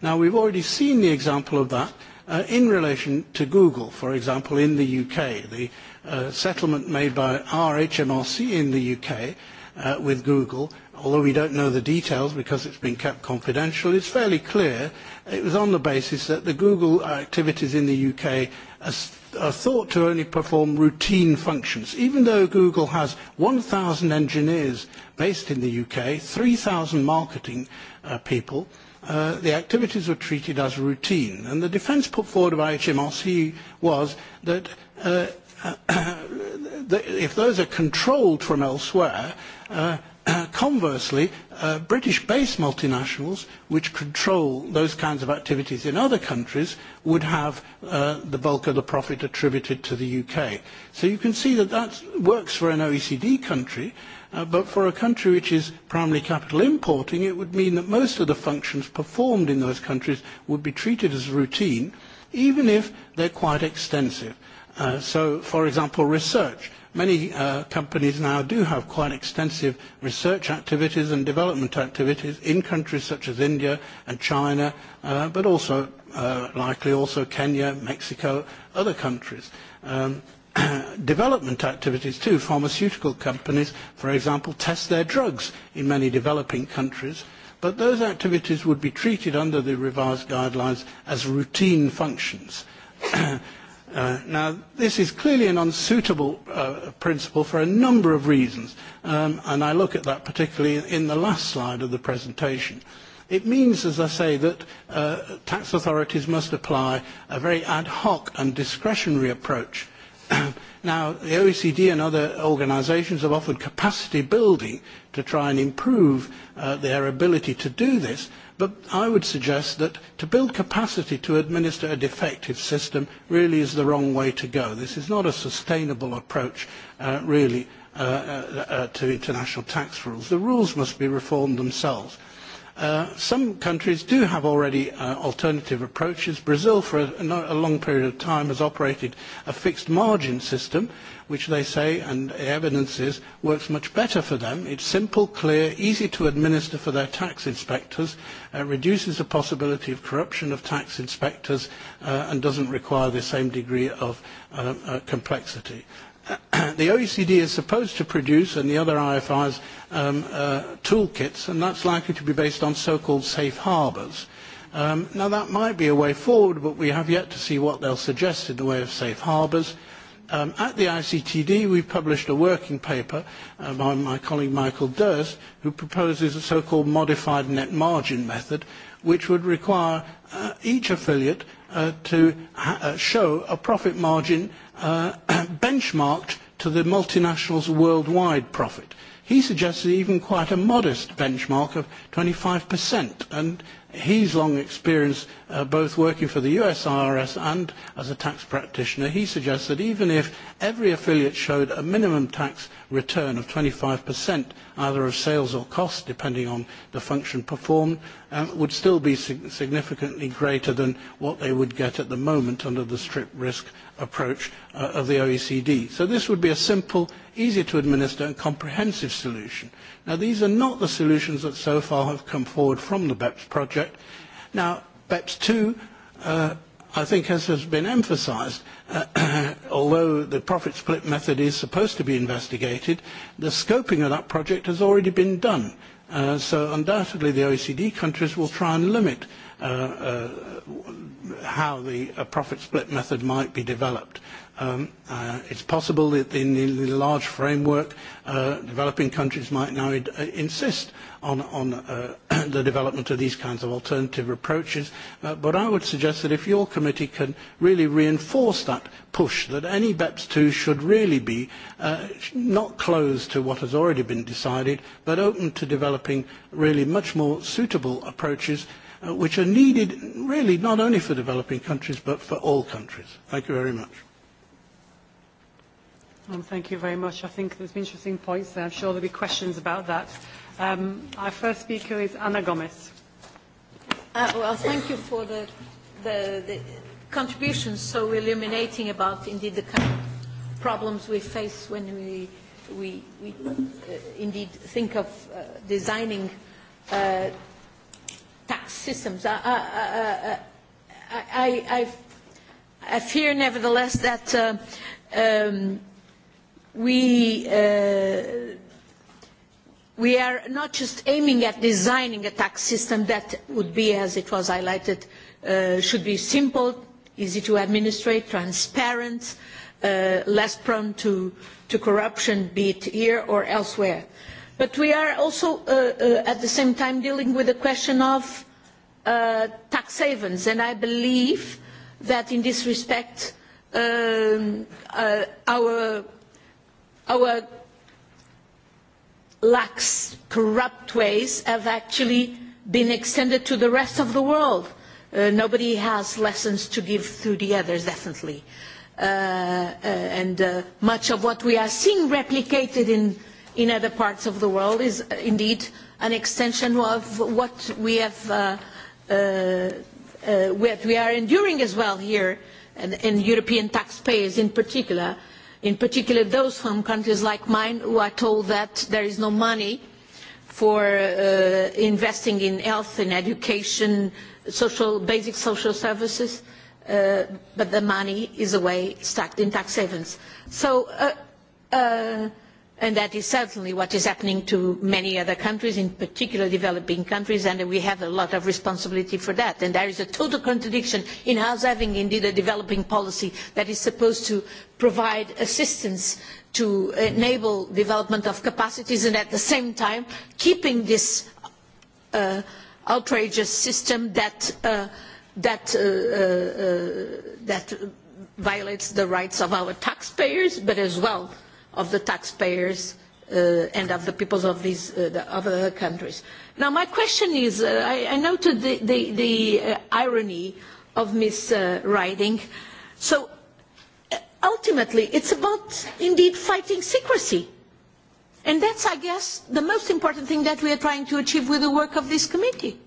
Now, we've already seen the example of that uh, in relation to Google, for example, in the UK. The uh, settlement made by our HMRC in the UK uh, with Google although we don't know the details because it's been kept confidential, it's fairly clear it was on the basis that the Google activities in the UK are, thought to only perform routine functions. Even though Google has 1,000 engineers based in the UK, 3,000 marketing uh, people, uh, the activities were treated as routine. And the defence put forward by HMRC was that uh, *coughs* if those are controlled from elsewhere, uh, *clears throat* Conversely, uh, British-based multinationals, which control those kinds of activities in other countries, would have uh, the bulk of the profit attributed to the UK. So you can see that that works for an OECD country, uh, but for a country which is primarily capital importing, it would mean that most of the functions performed in those countries would be treated as routine, even if they're quite extensive. Uh, so, for example, research. Many uh, companies now do have quite extensive research activities and development activities in countries such as India and China, uh, but also likely also Kenya, Mexico, other countries. Um, *coughs* development activities too. Pharmaceutical companies, for example, test their drugs in many developing countries but those activities would be treated under the revised guidelines as routine functions. *coughs* Uh, now, this is clearly an unsuitable uh, principle for a number of reasons, um, and I look at that particularly in the last slide of the presentation. It means, as I say, that uh, tax authorities must apply a very ad hoc and discretionary approach. *clears throat* now, the OECD and other organisations have offered capacity building to try and improve uh, their ability to do this, But I would suggest that to build capacity to administer a defective system really is the wrong way to go. This is not a sustainable approach, uh, really, uh, uh, to international tax rules. The rules must be reformed themselves. Some countries do have already alternative approaches. Brazil, for a long period of time, has operated a fixed margin system, which they say, and evidence is, works much better for them. It's simple, clear, easy to administer for their tax inspectors, uh, reduces the possibility of corruption of tax inspectors, uh, and doesn't require the same degree of uh, uh, complexity. *clears throat* the OECD is supposed to produce, and the other IFRs, um, toolkits, and that's likely to be based on so-called safe harbours. Um, now, that might be a way forward, but we have yet to see what they'll suggest in the way of safe harbours Um, at the ICTD, we published a working paper uh, by my colleague Michael Durst, who proposes a so-called modified net margin method, which would require uh, each affiliate uh, to ha uh, show a profit margin uh, *clears throat* benchmarked to the multinational's worldwide profit. He suggested even quite a modest benchmark of 25%, and his long experience uh, both working for the US IRS and as a tax practitioner, he suggests that even if every affiliate showed a minimum tax return of 25%, either of sales or costs, depending on the function performed, um, would still be sig significantly greater than what they would get at the moment under the strict risk approach uh, of the OECD. So this would be a simple, easy to administer and comprehensive solution. Now, these are not the solutions that so far have come forward from the BEPS project. Now, BEPS two, uh, I think as has been emphasized, uh, *clears throat* although the profit split method is supposed to be investigated, the scoping of that project has already been done. Uh, so undoubtedly the OECD countries will try and limit how the profit split method might be developed. Um, uh, it's possible that in the, large framework, uh, developing countries might now uh, insist on, *clears throat* the development of these kinds of alternative approaches. but I would suggest that if your committee can really reinforce that push, that any BEPS 2 should really be not closed to what has already been decided, but open to developing really much more suitable approaches which are needed really not only for developing countries but for all countries. Thank you very much. Um, thank you very much. I think there's been interesting points there. I'm sure there'll be questions about that. Um, our first speaker is Anna Gomez. Uh, well, thank you for the, the, so illuminating about indeed the kind of problems we face when we, we, we uh, indeed think of uh, designing uh, tax systems. I, I, I, I, I fear nevertheless that uh, um, we uh, we are not just aiming at designing a tax system that would be as it was highlighted uh, should be simple easy to administrate transparent uh, less prone to, to corruption be it here or elsewhere but we are also at the same time dealing with the question of tax havens and i believe that in this respect um, our our lax, corrupt ways have actually been extended to the rest of the world. Uh, nobody has lessons to give to the others, definitely. Uh, uh, and uh, much of what we are seeing replicated in, in other parts of the world is uh, indeed an extension of what we, have, uh, what we are enduring as well here, and, and European taxpayers in particular, in particular those from countries like mine who are told that there is no money for uh, investing in health and education social basic social services uh, but the money is away stacked in tax havens so uh, uh and that is certainly what is happening to many other countries in particular developing countries and we have a lot of responsibility for that and there is a total contradiction in us having indeed a developing policy that is supposed to provide assistance to enable development of capacities and at the same time keeping this uh, outrageous system uh, uh, that violates the rights of our taxpayers but as well of the taxpayers uh, and of the peoples of these uh, the, other countries. Now, my question is, uh, I, I noted the, the, the uh, irony of Ms. Uh, Riding. So, uh, ultimately, it's about, indeed, fighting secrecy. And that's, I guess, the most important thing that we are trying to achieve with the work of this committee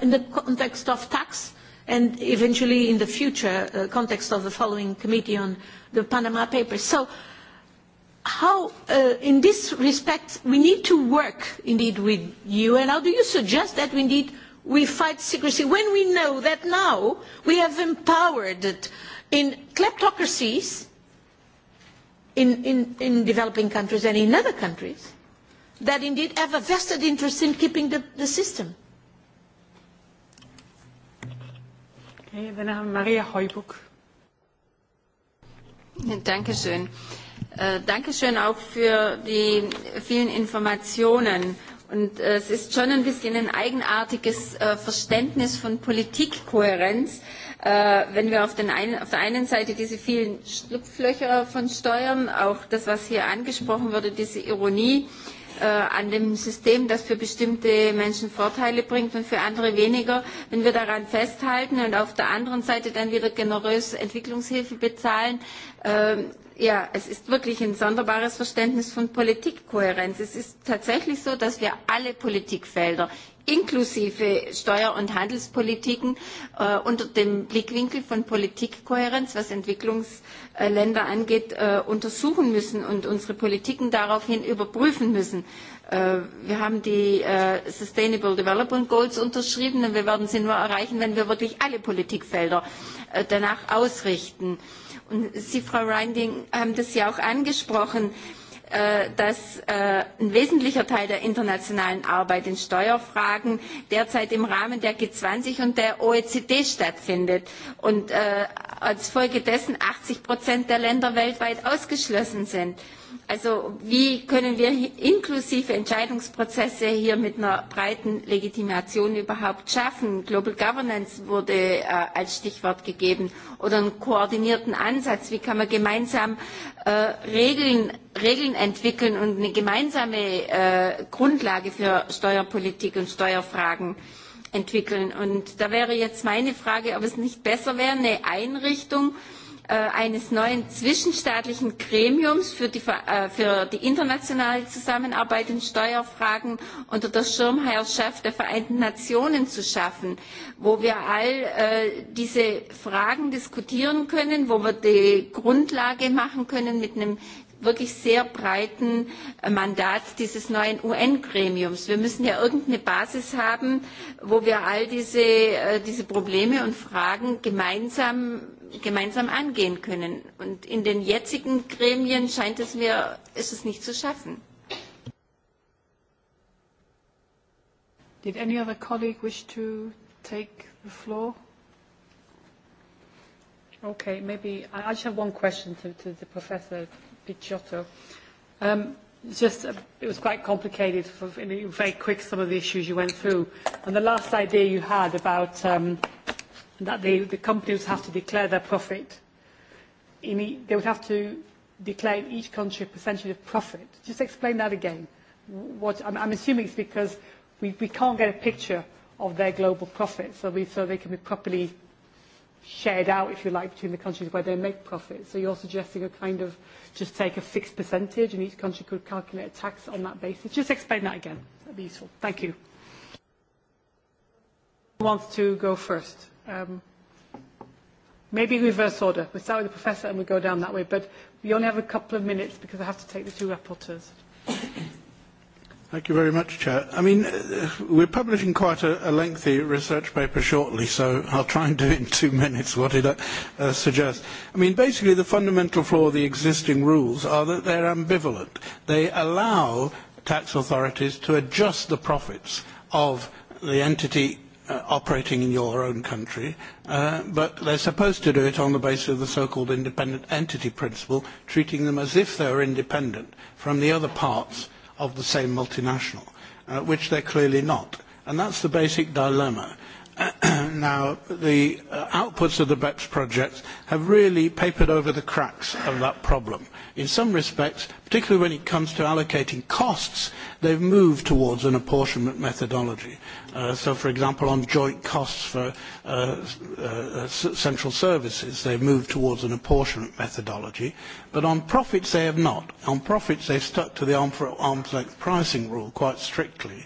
in the context of tax and eventually in the future context of the following committee on the Panama Papers. So how uh, in this respect we need to work indeed with you and how do you suggest that we indeed we fight secrecy when we know that now we have empowered it in kleptocracies in, in, in developing countries and in other countries that indeed have a vested interest in keeping the, the system. Okay, then I have Maria Heubuck. Thank you, Äh, Danke schön auch für die vielen Informationen. Und äh, es ist schon ein bisschen ein eigenartiges äh, Verständnis von Politikkohärenz, wenn wir auf, den auf der einen Seite diese vielen Schlupflöcher von Steuern, auch das, was hier angesprochen wurde, diese Ironie an dem System, das für bestimmte Menschen Vorteile bringt und für andere weniger, wenn wir daran festhalten und auf der anderen Seite dann wieder generös Entwicklungshilfe bezahlen, ähm, ja, es ist wirklich ein sonderbares Verständnis von Politikkohärenz. Es ist tatsächlich so, dass wir alle Politikfelder inklusive Steuer- und Handelspolitiken äh, unter dem Blickwinkel von Politikkohärenz, was Entwicklungsländer angeht, äh, untersuchen müssen und unsere Politiken daraufhin überprüfen müssen. Äh, wir haben die äh, Sustainable Development Goals unterschrieben und wir werden sie nur erreichen, wenn wir wirklich alle Politikfelder äh, danach ausrichten. Und Sie, Frau Reinding, haben das ja auch angesprochen, äh, dass äh, ein wesentlicher Teil der internationalen Arbeit in Steuerfragen derzeit im Rahmen der G20 und der OECD stattfindet und äh, als Folge dessen 80 der Länder weltweit ausgeschlossen sind Also wie können wir inklusive Entscheidungsprozesse hier mit einer breiten Legitimation überhaupt schaffen? Global Governance wurde äh, als Stichwort gegeben oder einen koordinierten Ansatz. Wie kann man gemeinsam äh, Regeln, Regeln entwickeln und eine gemeinsame äh, Grundlage für Steuerpolitik und Steuerfragen entwickeln? Und da wäre jetzt meine Frage, ob es nicht besser wäre, eine Einrichtung, Äh, eines neuen zwischenstaatlichen Gremiums für die, äh, für die internationale Zusammenarbeit in Steuerfragen unter der Schirmherrschaft der Vereinten Nationen zu schaffen, wo wir all äh, diese Fragen diskutieren können, wo wir die Grundlage machen können mit einem wirklich sehr breiten Mandat dieses neuen UN-Gremiums. Wir müssen ja irgendeine Basis haben, wo wir all diese, diese Probleme und Fragen gemeinsam gemeinsam angehen können. Und in den jetzigen Gremien scheint es mir, ist es nicht zu schaffen. Did any other colleague wish to take the floor? Okay, maybe I, just have one question to, to the Professor Picciotto. Um, just, uh, it was quite complicated, for, very quick some of the issues you went through. And the last idea you had about um, that they, the companies have to declare their profit. In e, they would have to declare in each country a percentage of profit. Just explain that again. What, I'm, assuming it's because we, we can't get a picture of their global profit so, we, so they can be properly shared out, if you like, between the countries where they make profit. So you're suggesting a kind of just take a fixed percentage and each country could calculate a tax on that basis. Just explain that again. would be useful. Thank you. Who wants to go first? um, maybe reverse order. We start with the Professor and we go down that way, but we only have a couple of minutes because I have to take the two rapporteurs. Thank you very much, Chair. I mean, uh, we're publishing quite a, a lengthy research paper shortly, so I'll try and do in two minutes what it uh, suggests. I mean, basically, the fundamental flaw of the existing rules are that they're ambivalent. They allow tax authorities to adjust the profits of the entity uh, operating in your own country, uh, but they're supposed to do it on the basis of the so-called independent entity principle, treating them as if they were independent from the other parts of the same multinational, uh, which they're clearly not. And that's the basic dilemma now, the uh, outputs of the BEPS projects have really papered over the cracks of that problem. In some respects, particularly when it comes to allocating costs, they've moved towards an apportionment methodology. Uh, so, for example, on joint costs for uh, uh, uh central services, they've moved towards an apportionment methodology. But on profits, they have not. On profits, they've stuck to the arm's length pricing rule quite strictly.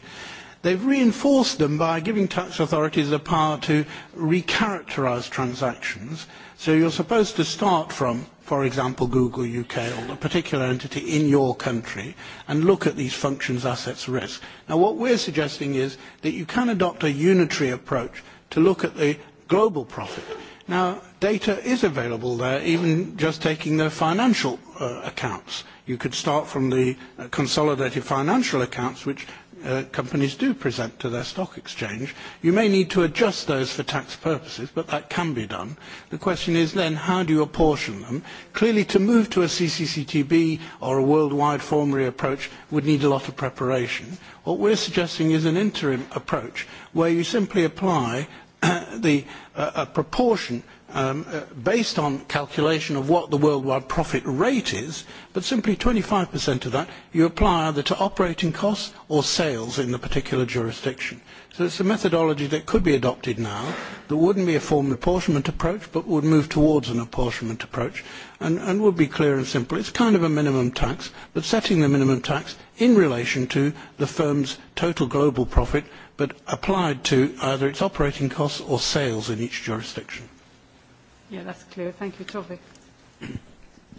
They've reinforced them by giving tax authorities the power to recharacterise transactions. So you're supposed to start from, for example, Google UK or a particular entity in your country and look at these functions, assets, risk. Now what we're suggesting is that you can adopt a unitary approach to look at the global profit. Now, data is available there, even just taking the financial uh, accounts. You could start from the uh, consolidated financial accounts, which Uh, companies do present to their stock exchange. You may need to adjust those for tax purposes, but that can be done. The question is then, how do you apportion them? Clearly, to move to a CCCTB or a worldwide formulary approach would need a lot of preparation. What we're suggesting is an interim approach where you simply apply *coughs* the, uh, a proportion um, uh, based on calculation of what the worldwide profit rate is, but simply 25% of that you apply either to operating costs or sales in the particular jurisdiction. So it's a methodology that could be adopted now that wouldn't be a form apportionment approach, but would move towards an apportionment approach and, and would be clear and simple. It's kind of a minimum tax, but setting the minimum tax in relation to the firm's total global profit, but applied to either its operating costs or sales in each jurisdiction. Yeah, that's clear. Thank you, Tove. *clears throat*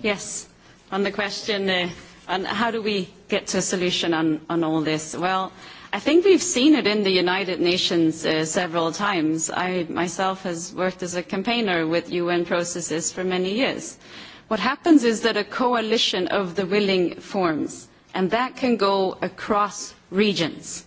Yes, on the question uh, on how do we get to a solution on, on all this? Well, I think we've seen it in the United Nations uh, several times. I myself has worked as a campaigner with UN processes for many years. What happens is that a coalition of the willing forms, and that can go across regions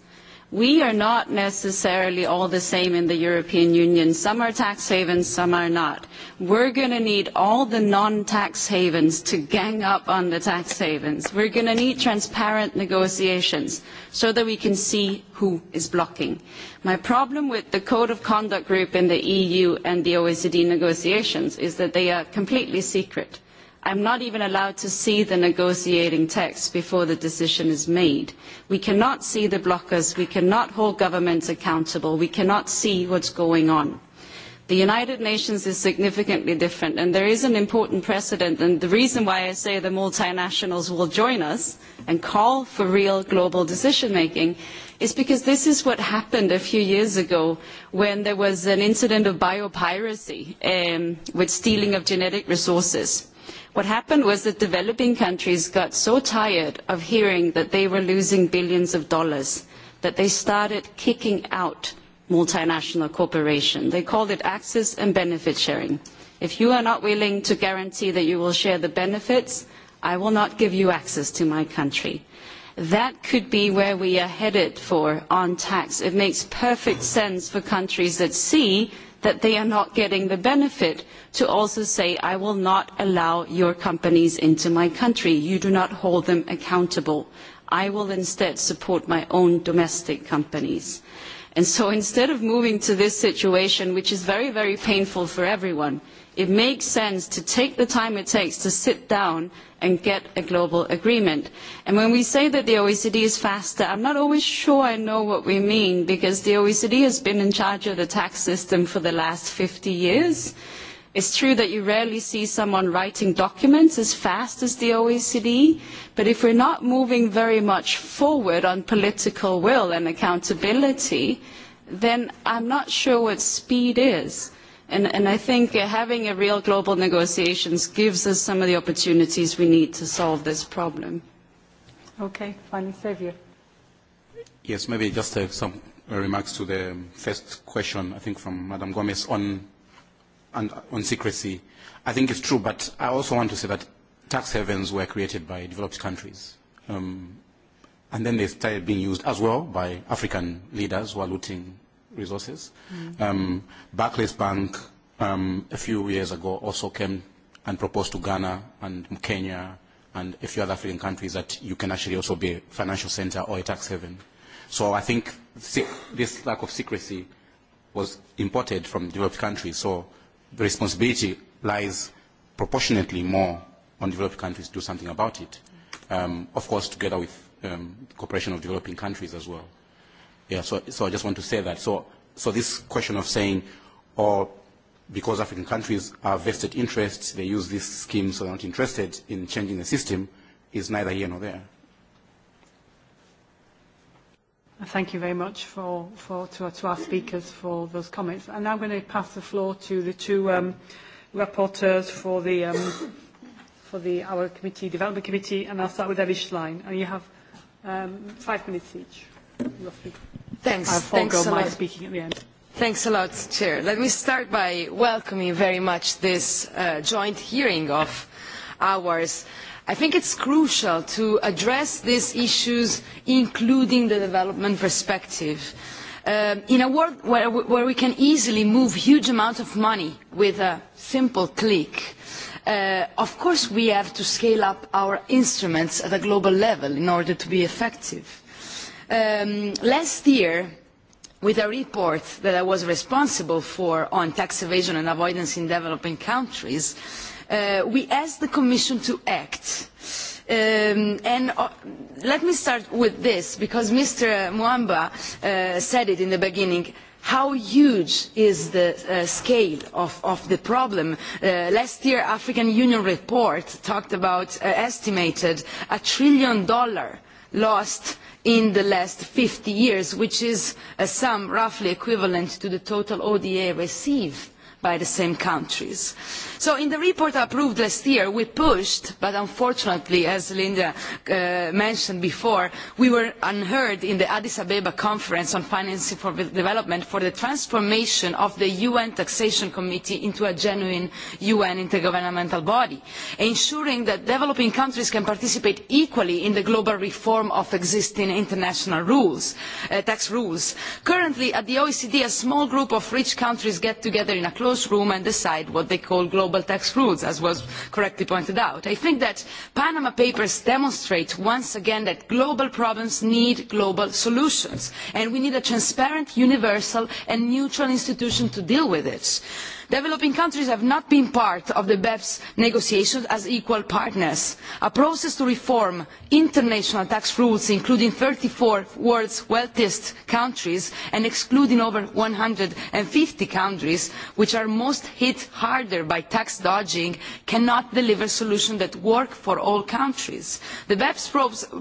we are not necessarily all the same in the european union some are tax havens some are not we're going to need all the non tax havens to gang up on the tax havens we're going to need transparent negotiations so that we can see who is blocking my problem with the code of conduct group in the eu and the oecd negotiations is that they are completely secret i am not even allowed to see the negotiating text before the decision is made. we cannot see the blockers we cannot hold governments accountable we cannot see what is going on. the united nations is significantly different and there is an important precedent and the reason why i say the multinationals will join us and call for real global decision making is because this is what happened a few years ago when there was an incident of biopiracy um, with stealing of genetic resources What happened was that developing countries got so tired of hearing that they were losing billions of dollars that they started kicking out multinational corporations. They called it access and benefit sharing. If you are not willing to guarantee that you will share the benefits, I will not give you access to my country. That could be where we are headed for on tax. It makes perfect sense for countries that see that they are not getting the benefit to also say, I will not allow your companies into my country. You do not hold them accountable. I will instead support my own domestic companies. And so instead of moving to this situation, which is very, very painful for everyone, it makes sense to take the time it takes to sit down and get a global agreement. And when we say that the OECD is faster, I'm not always sure I know what we mean because the OECD has been in charge of the tax system for the last 50 years. It's true that you rarely see someone writing documents as fast as the OECD, but if we're not moving very much forward on political will and accountability, then I'm not sure what speed is. And, and I think having a real global negotiations gives us some of the opportunities we need to solve this problem. Okay, finally, Xavier. Yes, maybe just uh, some remarks to the first question, I think from Madam Gomez on, on, secrecy. I think it's true, but I also want to say that tax havens were created by developed countries. Um, and then they started being used as well by African leaders who are looting resources. Mm-hmm. Um, Barclays Bank um, a few years ago also came and proposed to Ghana and Kenya and a few other African countries that you can actually also be a financial center or a tax haven. So I think this lack of secrecy was imported from developed countries. So the responsibility lies proportionately more on developed countries to do something about it. Mm-hmm. Um, of course, together with um, the cooperation of developing countries as well. Yeah, so, so I just want to say that. So, so this question of saying, or oh, because African countries are vested interests, they use this scheme so they're not interested in changing the system, is neither here nor there. Thank you very much for, for, to, to our speakers for those comments. And now I'm going to pass the floor to the two um, rapporteurs for the, um, for the, our committee, Development Committee, and I'll start with Evi Schlein. And you have um, five minutes each. Thanks. a lot, Let me start by welcoming very much this uh, joint hearing of ours. I think it's crucial to address these issues, including the development perspective. Um, in a world where, we can easily move huge amounts of money with a simple click, uh, of course we have to scale up our instruments at a global level in order to be effective Um, last year, with a report that I was responsible for on tax evasion and avoidance in developing countries, uh, we asked the Commission to act. Um, and uh, let me start with this, because Mr. Mwamba uh, said it in the beginning how huge is the scale of, the problem. last year the african union report talked about an estimated a trillion dollars lost in the last 50 years, which is a sum roughly equivalent to the total ODA received by the same countries. So in the report approved last year we pushed, but unfortunately as Linda uh, mentioned before, we were unheard in the Addis Ababa Conference on Financing for Development for the transformation of the UN Taxation Committee into a genuine UN intergovernmental body, ensuring that developing countries can participate equally in the global reform of existing international rules, uh, tax rules. Currently at the OECD a small group of rich countries get together in a this room and decide what they call global tax rules as was correctly pointed out. i think that panama papers demonstrate once again that global problems need global solutions and we need a transparent universal and neutral institution to deal with it developing countries have not been part of the beps negotiations as equal partners. a process to reform international tax rules including thirty four world's wealthiest countries and excluding over one hundred and fifty countries which are most hit harder by tax dodging cannot deliver solutions that work for all countries. the beps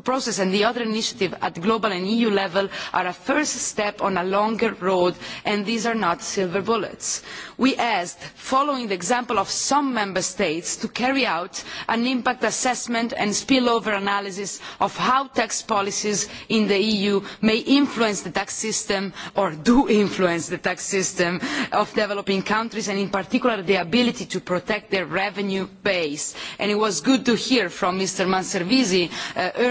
process and the other initiatives at global and eu level are a first step on a longer road and these are not silver bullets best following the example of some member states to carry out an impact assessment and spillover analysis of how tax policies in the eu may influence the tax system or do influence the tax system of developing countries and in particular the ability to protect their revenue base. it was good to hear from mr manservisi uh,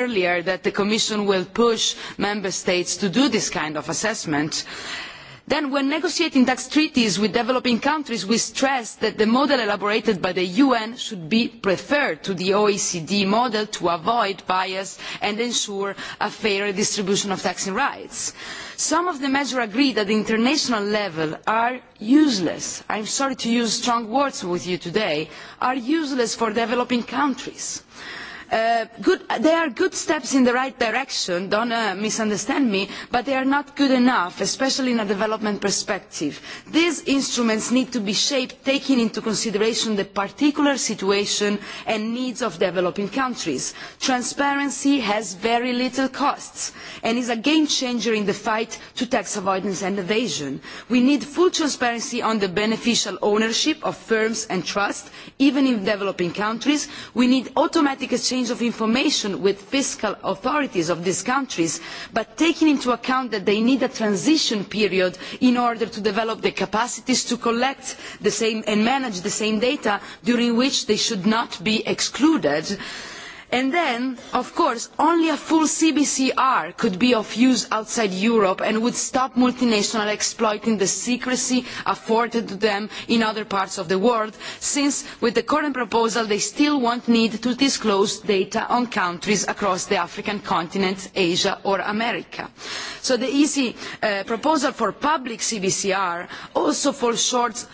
earlier that the commission will push member states to do this kind of assessment then when negotiating tax treaties with developing countries we stressed that the model elaborated by the un should be preferred to the oecd model to avoid bias and ensure a fair distribution of taxing rights. some of the measures agreed at international level are useless i am sorry to use strong words with you today are useless for developing countries. Uh, they are good steps in the right direction do not uh, misunderstand me but they are not good enough especially in a development perspective. these instruments need to be shaped taking into consideration the particular situation and needs of developing countries. transparency has very little costs and is a game changer in the fight to tax avoidance and evasion. we need full transparency on the beneficial ownership of firms and trusts even in developing countries. we need automatic exchange exchange of information with fiscal authorities of these countries but taking into account that they need a transition period in order to develop the capacities to collect the same and manage the same data during which they should not be excluded and then of course only a full cbcr could be of use outside europe and would stop multinational exploiting the secrecy afforded to them in other parts of the world since with the current proposal they still won't need to disclose data on countries across the african continent asia or america. so the easy uh, proposal for public cbcr also falls short,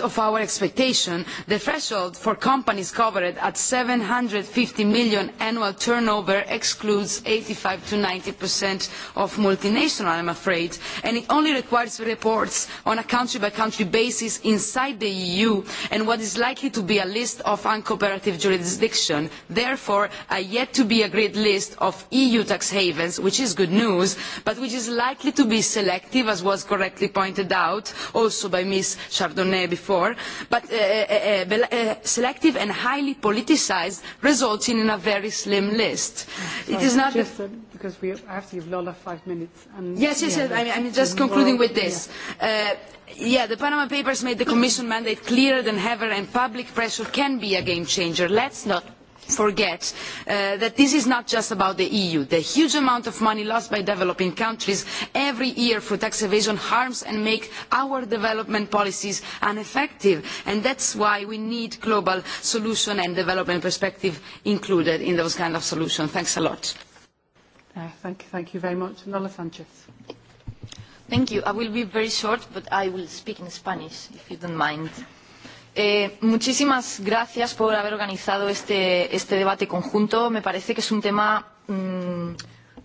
of our expectation. the threshold for companies covered at eur seven hundred fifty billion annual turnover excludes 85 to 90% of multinational, I'm afraid, and it only requires reports on a country-by-country basis inside the EU and what is likely to be a list of uncooperative jurisdiction. Therefore, a yet-to-be-agreed list of EU tax havens, which is good news, but which is likely to be selective, as was correctly pointed out, also by Ms. Chardonnay before, but uh, uh, uh, selective and highly politicized, resulting in a very slim list. Sorry, it is not just a, because we have to give Lola five minutes. And yes, yes, yes. I mean, I'm just concluding world, with this. Yeah. Uh, yeah, the Panama Papers made the Commission mandate clearer than ever, and public pressure can be a game changer. Let's not forget uh, that this is not just about the eu. the huge amount of money lost by developing countries every year through tax evasion harms and makes our development policies ineffective and that is why we need global solution and development perspective included in those kinds of solutions. thanks a lot. Uh, thank you very much. Sanchez. Thank you. i will be very short but i will speak in spanish if you do not mind. Eh, muchísimas gracias por haber organizado este, este debate conjunto. Me parece que es un tema mmm,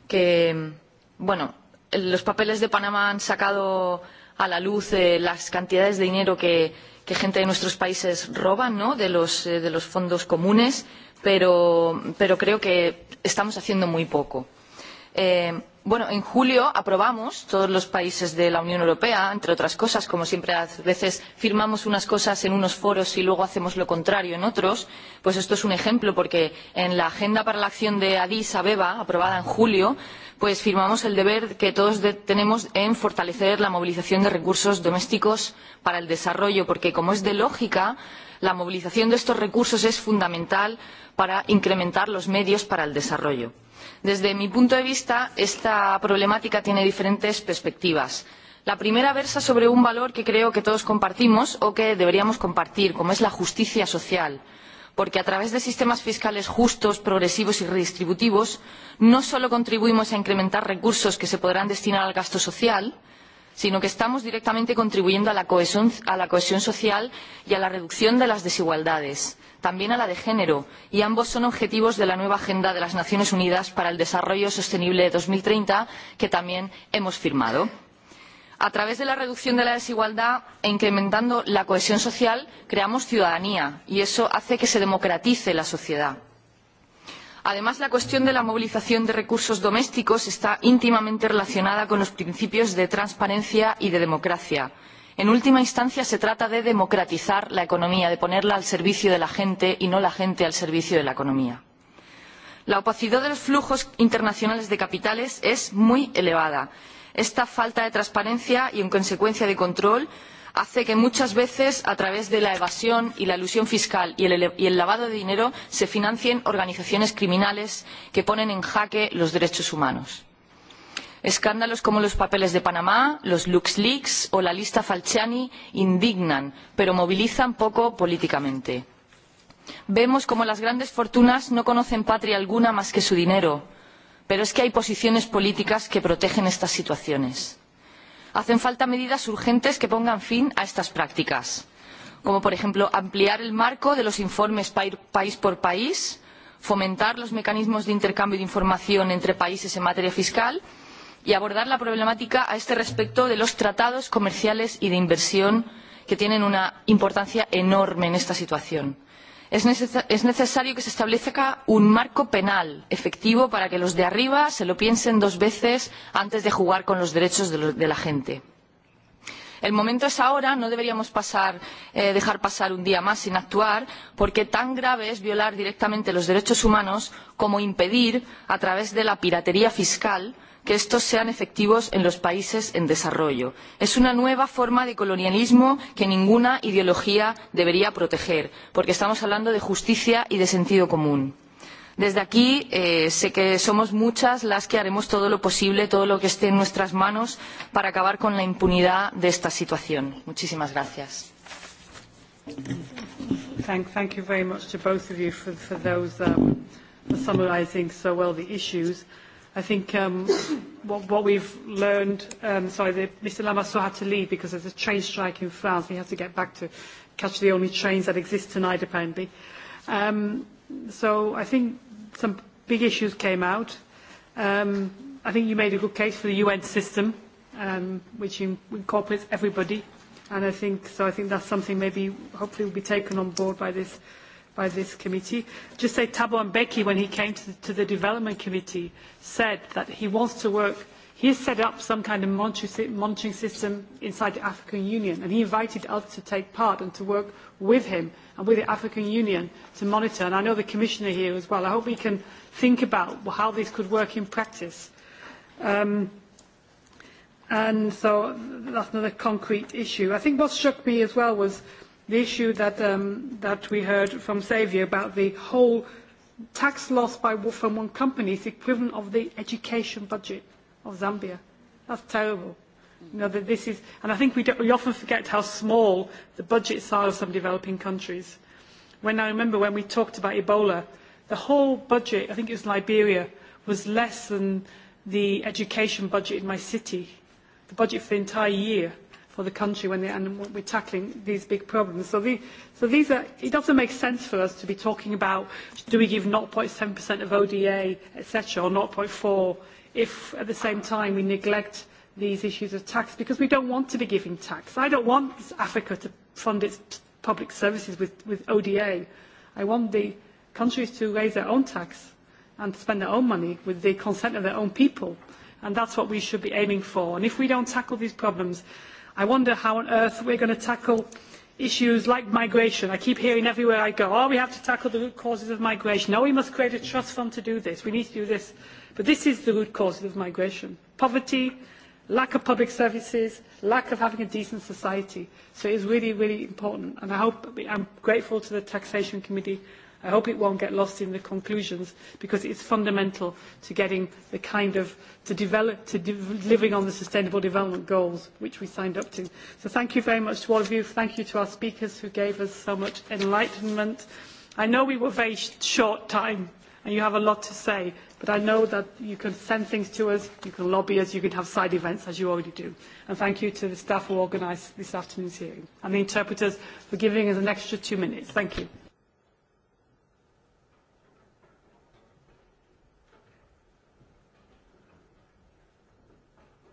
que, bueno, los papeles de Panamá han sacado a la luz eh, las cantidades de dinero que, que gente de nuestros países roba ¿no? de, los, eh, de los fondos comunes, pero, pero creo que estamos haciendo muy poco. Eh, Bueno, en julio aprobamos todos los países de la Unión Europea, entre otras cosas, como siempre a veces firmamos unas cosas en unos foros y luego hacemos lo contrario en otros, pues esto es un ejemplo porque en la Agenda para la Acción de Addis Abeba, aprobada en julio, pues firmamos el deber que todos tenemos en fortalecer la movilización de recursos domésticos para el desarrollo, porque como es de lógica, la movilización de estos recursos es fundamental para incrementar los medios para el desarrollo Desde mi punto de vista, esta problemática tiene diferentes perspectivas. La primera versa sobre un valor que creo que todos compartimos o que deberíamos compartir, como es la justicia social, porque a través de sistemas fiscales justos, progresivos y redistributivos, no solo contribuimos a incrementar recursos que se podrán destinar al gasto social, sino que estamos directamente contribuyendo a la cohesión, social y a la reducción de las desigualdades también a la de género y ambos son objetivos de la nueva agenda de las naciones unidas para el desarrollo sostenible de dos mil treinta que también hemos firmado. a través de la reducción de la desigualdad e incrementando la cohesión social creamos ciudadanía y eso hace que se democratice la sociedad. Además, la cuestión de la movilización de recursos domésticos está íntimamente relacionada con los principios de transparencia y de democracia en última instancia se trata de democratizar la economía de ponerla al servicio de la gente y no la gente al servicio de la economía. la opacidad de los flujos internacionales de capitales es muy elevada. esta falta de transparencia y en consecuencia de control hace que muchas veces a través de la evasión y la elusión fiscal y el, y el lavado de dinero se financien organizaciones criminales que ponen en jaque los derechos humanos Escándalos como los papeles de Panamá, los LuxLeaks o la lista Falciani indignan, pero movilizan poco políticamente. Vemos como las grandes fortunas no conocen patria alguna más que su dinero, pero es que hay posiciones políticas que protegen estas situaciones. Hacen falta medidas urgentes que pongan fin a estas prácticas, como por ejemplo ampliar el marco de los informes país por país, fomentar los mecanismos de intercambio de información entre países en materia fiscal y abordar la problemática a este respecto de los tratados comerciales y de inversión que tienen una importancia enorme en esta situación. Es, necesario que se establezca un marco penal efectivo para que los de arriba se lo piensen dos veces antes de jugar con los derechos de, la gente. El momento es ahora, no deberíamos pasar, eh, dejar pasar un día más sin actuar, porque tan grave es violar directamente los derechos humanos como impedir, a través de la piratería fiscal, que estos sean efectivos en los países en desarrollo. Es una nueva forma de colonialismo que ninguna ideología debería proteger, porque estamos hablando de justicia y de sentido común. Desde aquí eh, sé que somos muchas las que haremos todo lo posible, todo lo que esté en nuestras manos para acabar con la impunidad de esta situación. Muchísimas gracias. Thank, thank you very much to both of you for, for those um, for summarizing so well the issues. I think um, what, what we've learned, um, sorry, the, Mr. Lamassou had to leave because there's a train strike in France. He had to get back to catch the only trains that exist tonight, apparently. Um, so I think some big issues came out. Um, I think you made a good case for the UN system, um, which incorporates everybody. And I think, so I think that's something maybe hopefully will be taken on board by this by this committee. Just say Thabo Mbeki, when he came to the, to the Development Committee, said that he wants to work he has set up some kind of monitoring system inside the African Union and he invited us to take part and to work with him and with the African Union to monitor. And I know the Commissioner here as well. I hope we can think about how this could work in practice. Um, and so that's another concrete issue. I think what struck me as well was the issue that, um, that we heard from Xavier about the whole tax loss by, from one company is the equivalent of the education budget of Zambia. That's terrible. You know, that this is, and I think we, don't we often forget how small the budgets are of some developing countries. When I remember when we talked about Ebola, the whole budget, I think it was Liberia, was less than the education budget in my city, the budget for the entire year for the country when they, and we're tackling these big problems. So, the, so these are, it doesn't make sense for us to be talking about do we give 0.7% of ODA, etc., or 0.4, if at the same time we neglect these issues of tax because we don't want to be giving tax. I don't want Africa to fund its public services with, with ODA. I want the countries to raise their own tax and spend their own money with the consent of their own people. And that's what we should be aiming for. And if we don't tackle these problems, i wonder how on earth we're going to tackle issues like migration. I keep hearing everywhere I go, oh, we have to tackle the root causes of migration. Oh, we must create a trust fund to do this. We need to do this. But this is the root causes of migration. Poverty, lack of public services, lack of having a decent society. So it is really, really important. And I hope, I'm grateful to the Taxation Committee i hope it won't get lost in the conclusions because it's fundamental to getting the kind of to develop to living on the sustainable development goals which we signed up to. So thank you very much to all of you. Thank you to our speakers who gave us so much enlightenment. I know we were very short time and you have a lot to say, but I know that you can send things to us, you can lobby us, you can have side events as you already do. And thank you to the staff who organised this afternoon's hearing and the interpreters for giving us an extra two minutes. Thank you.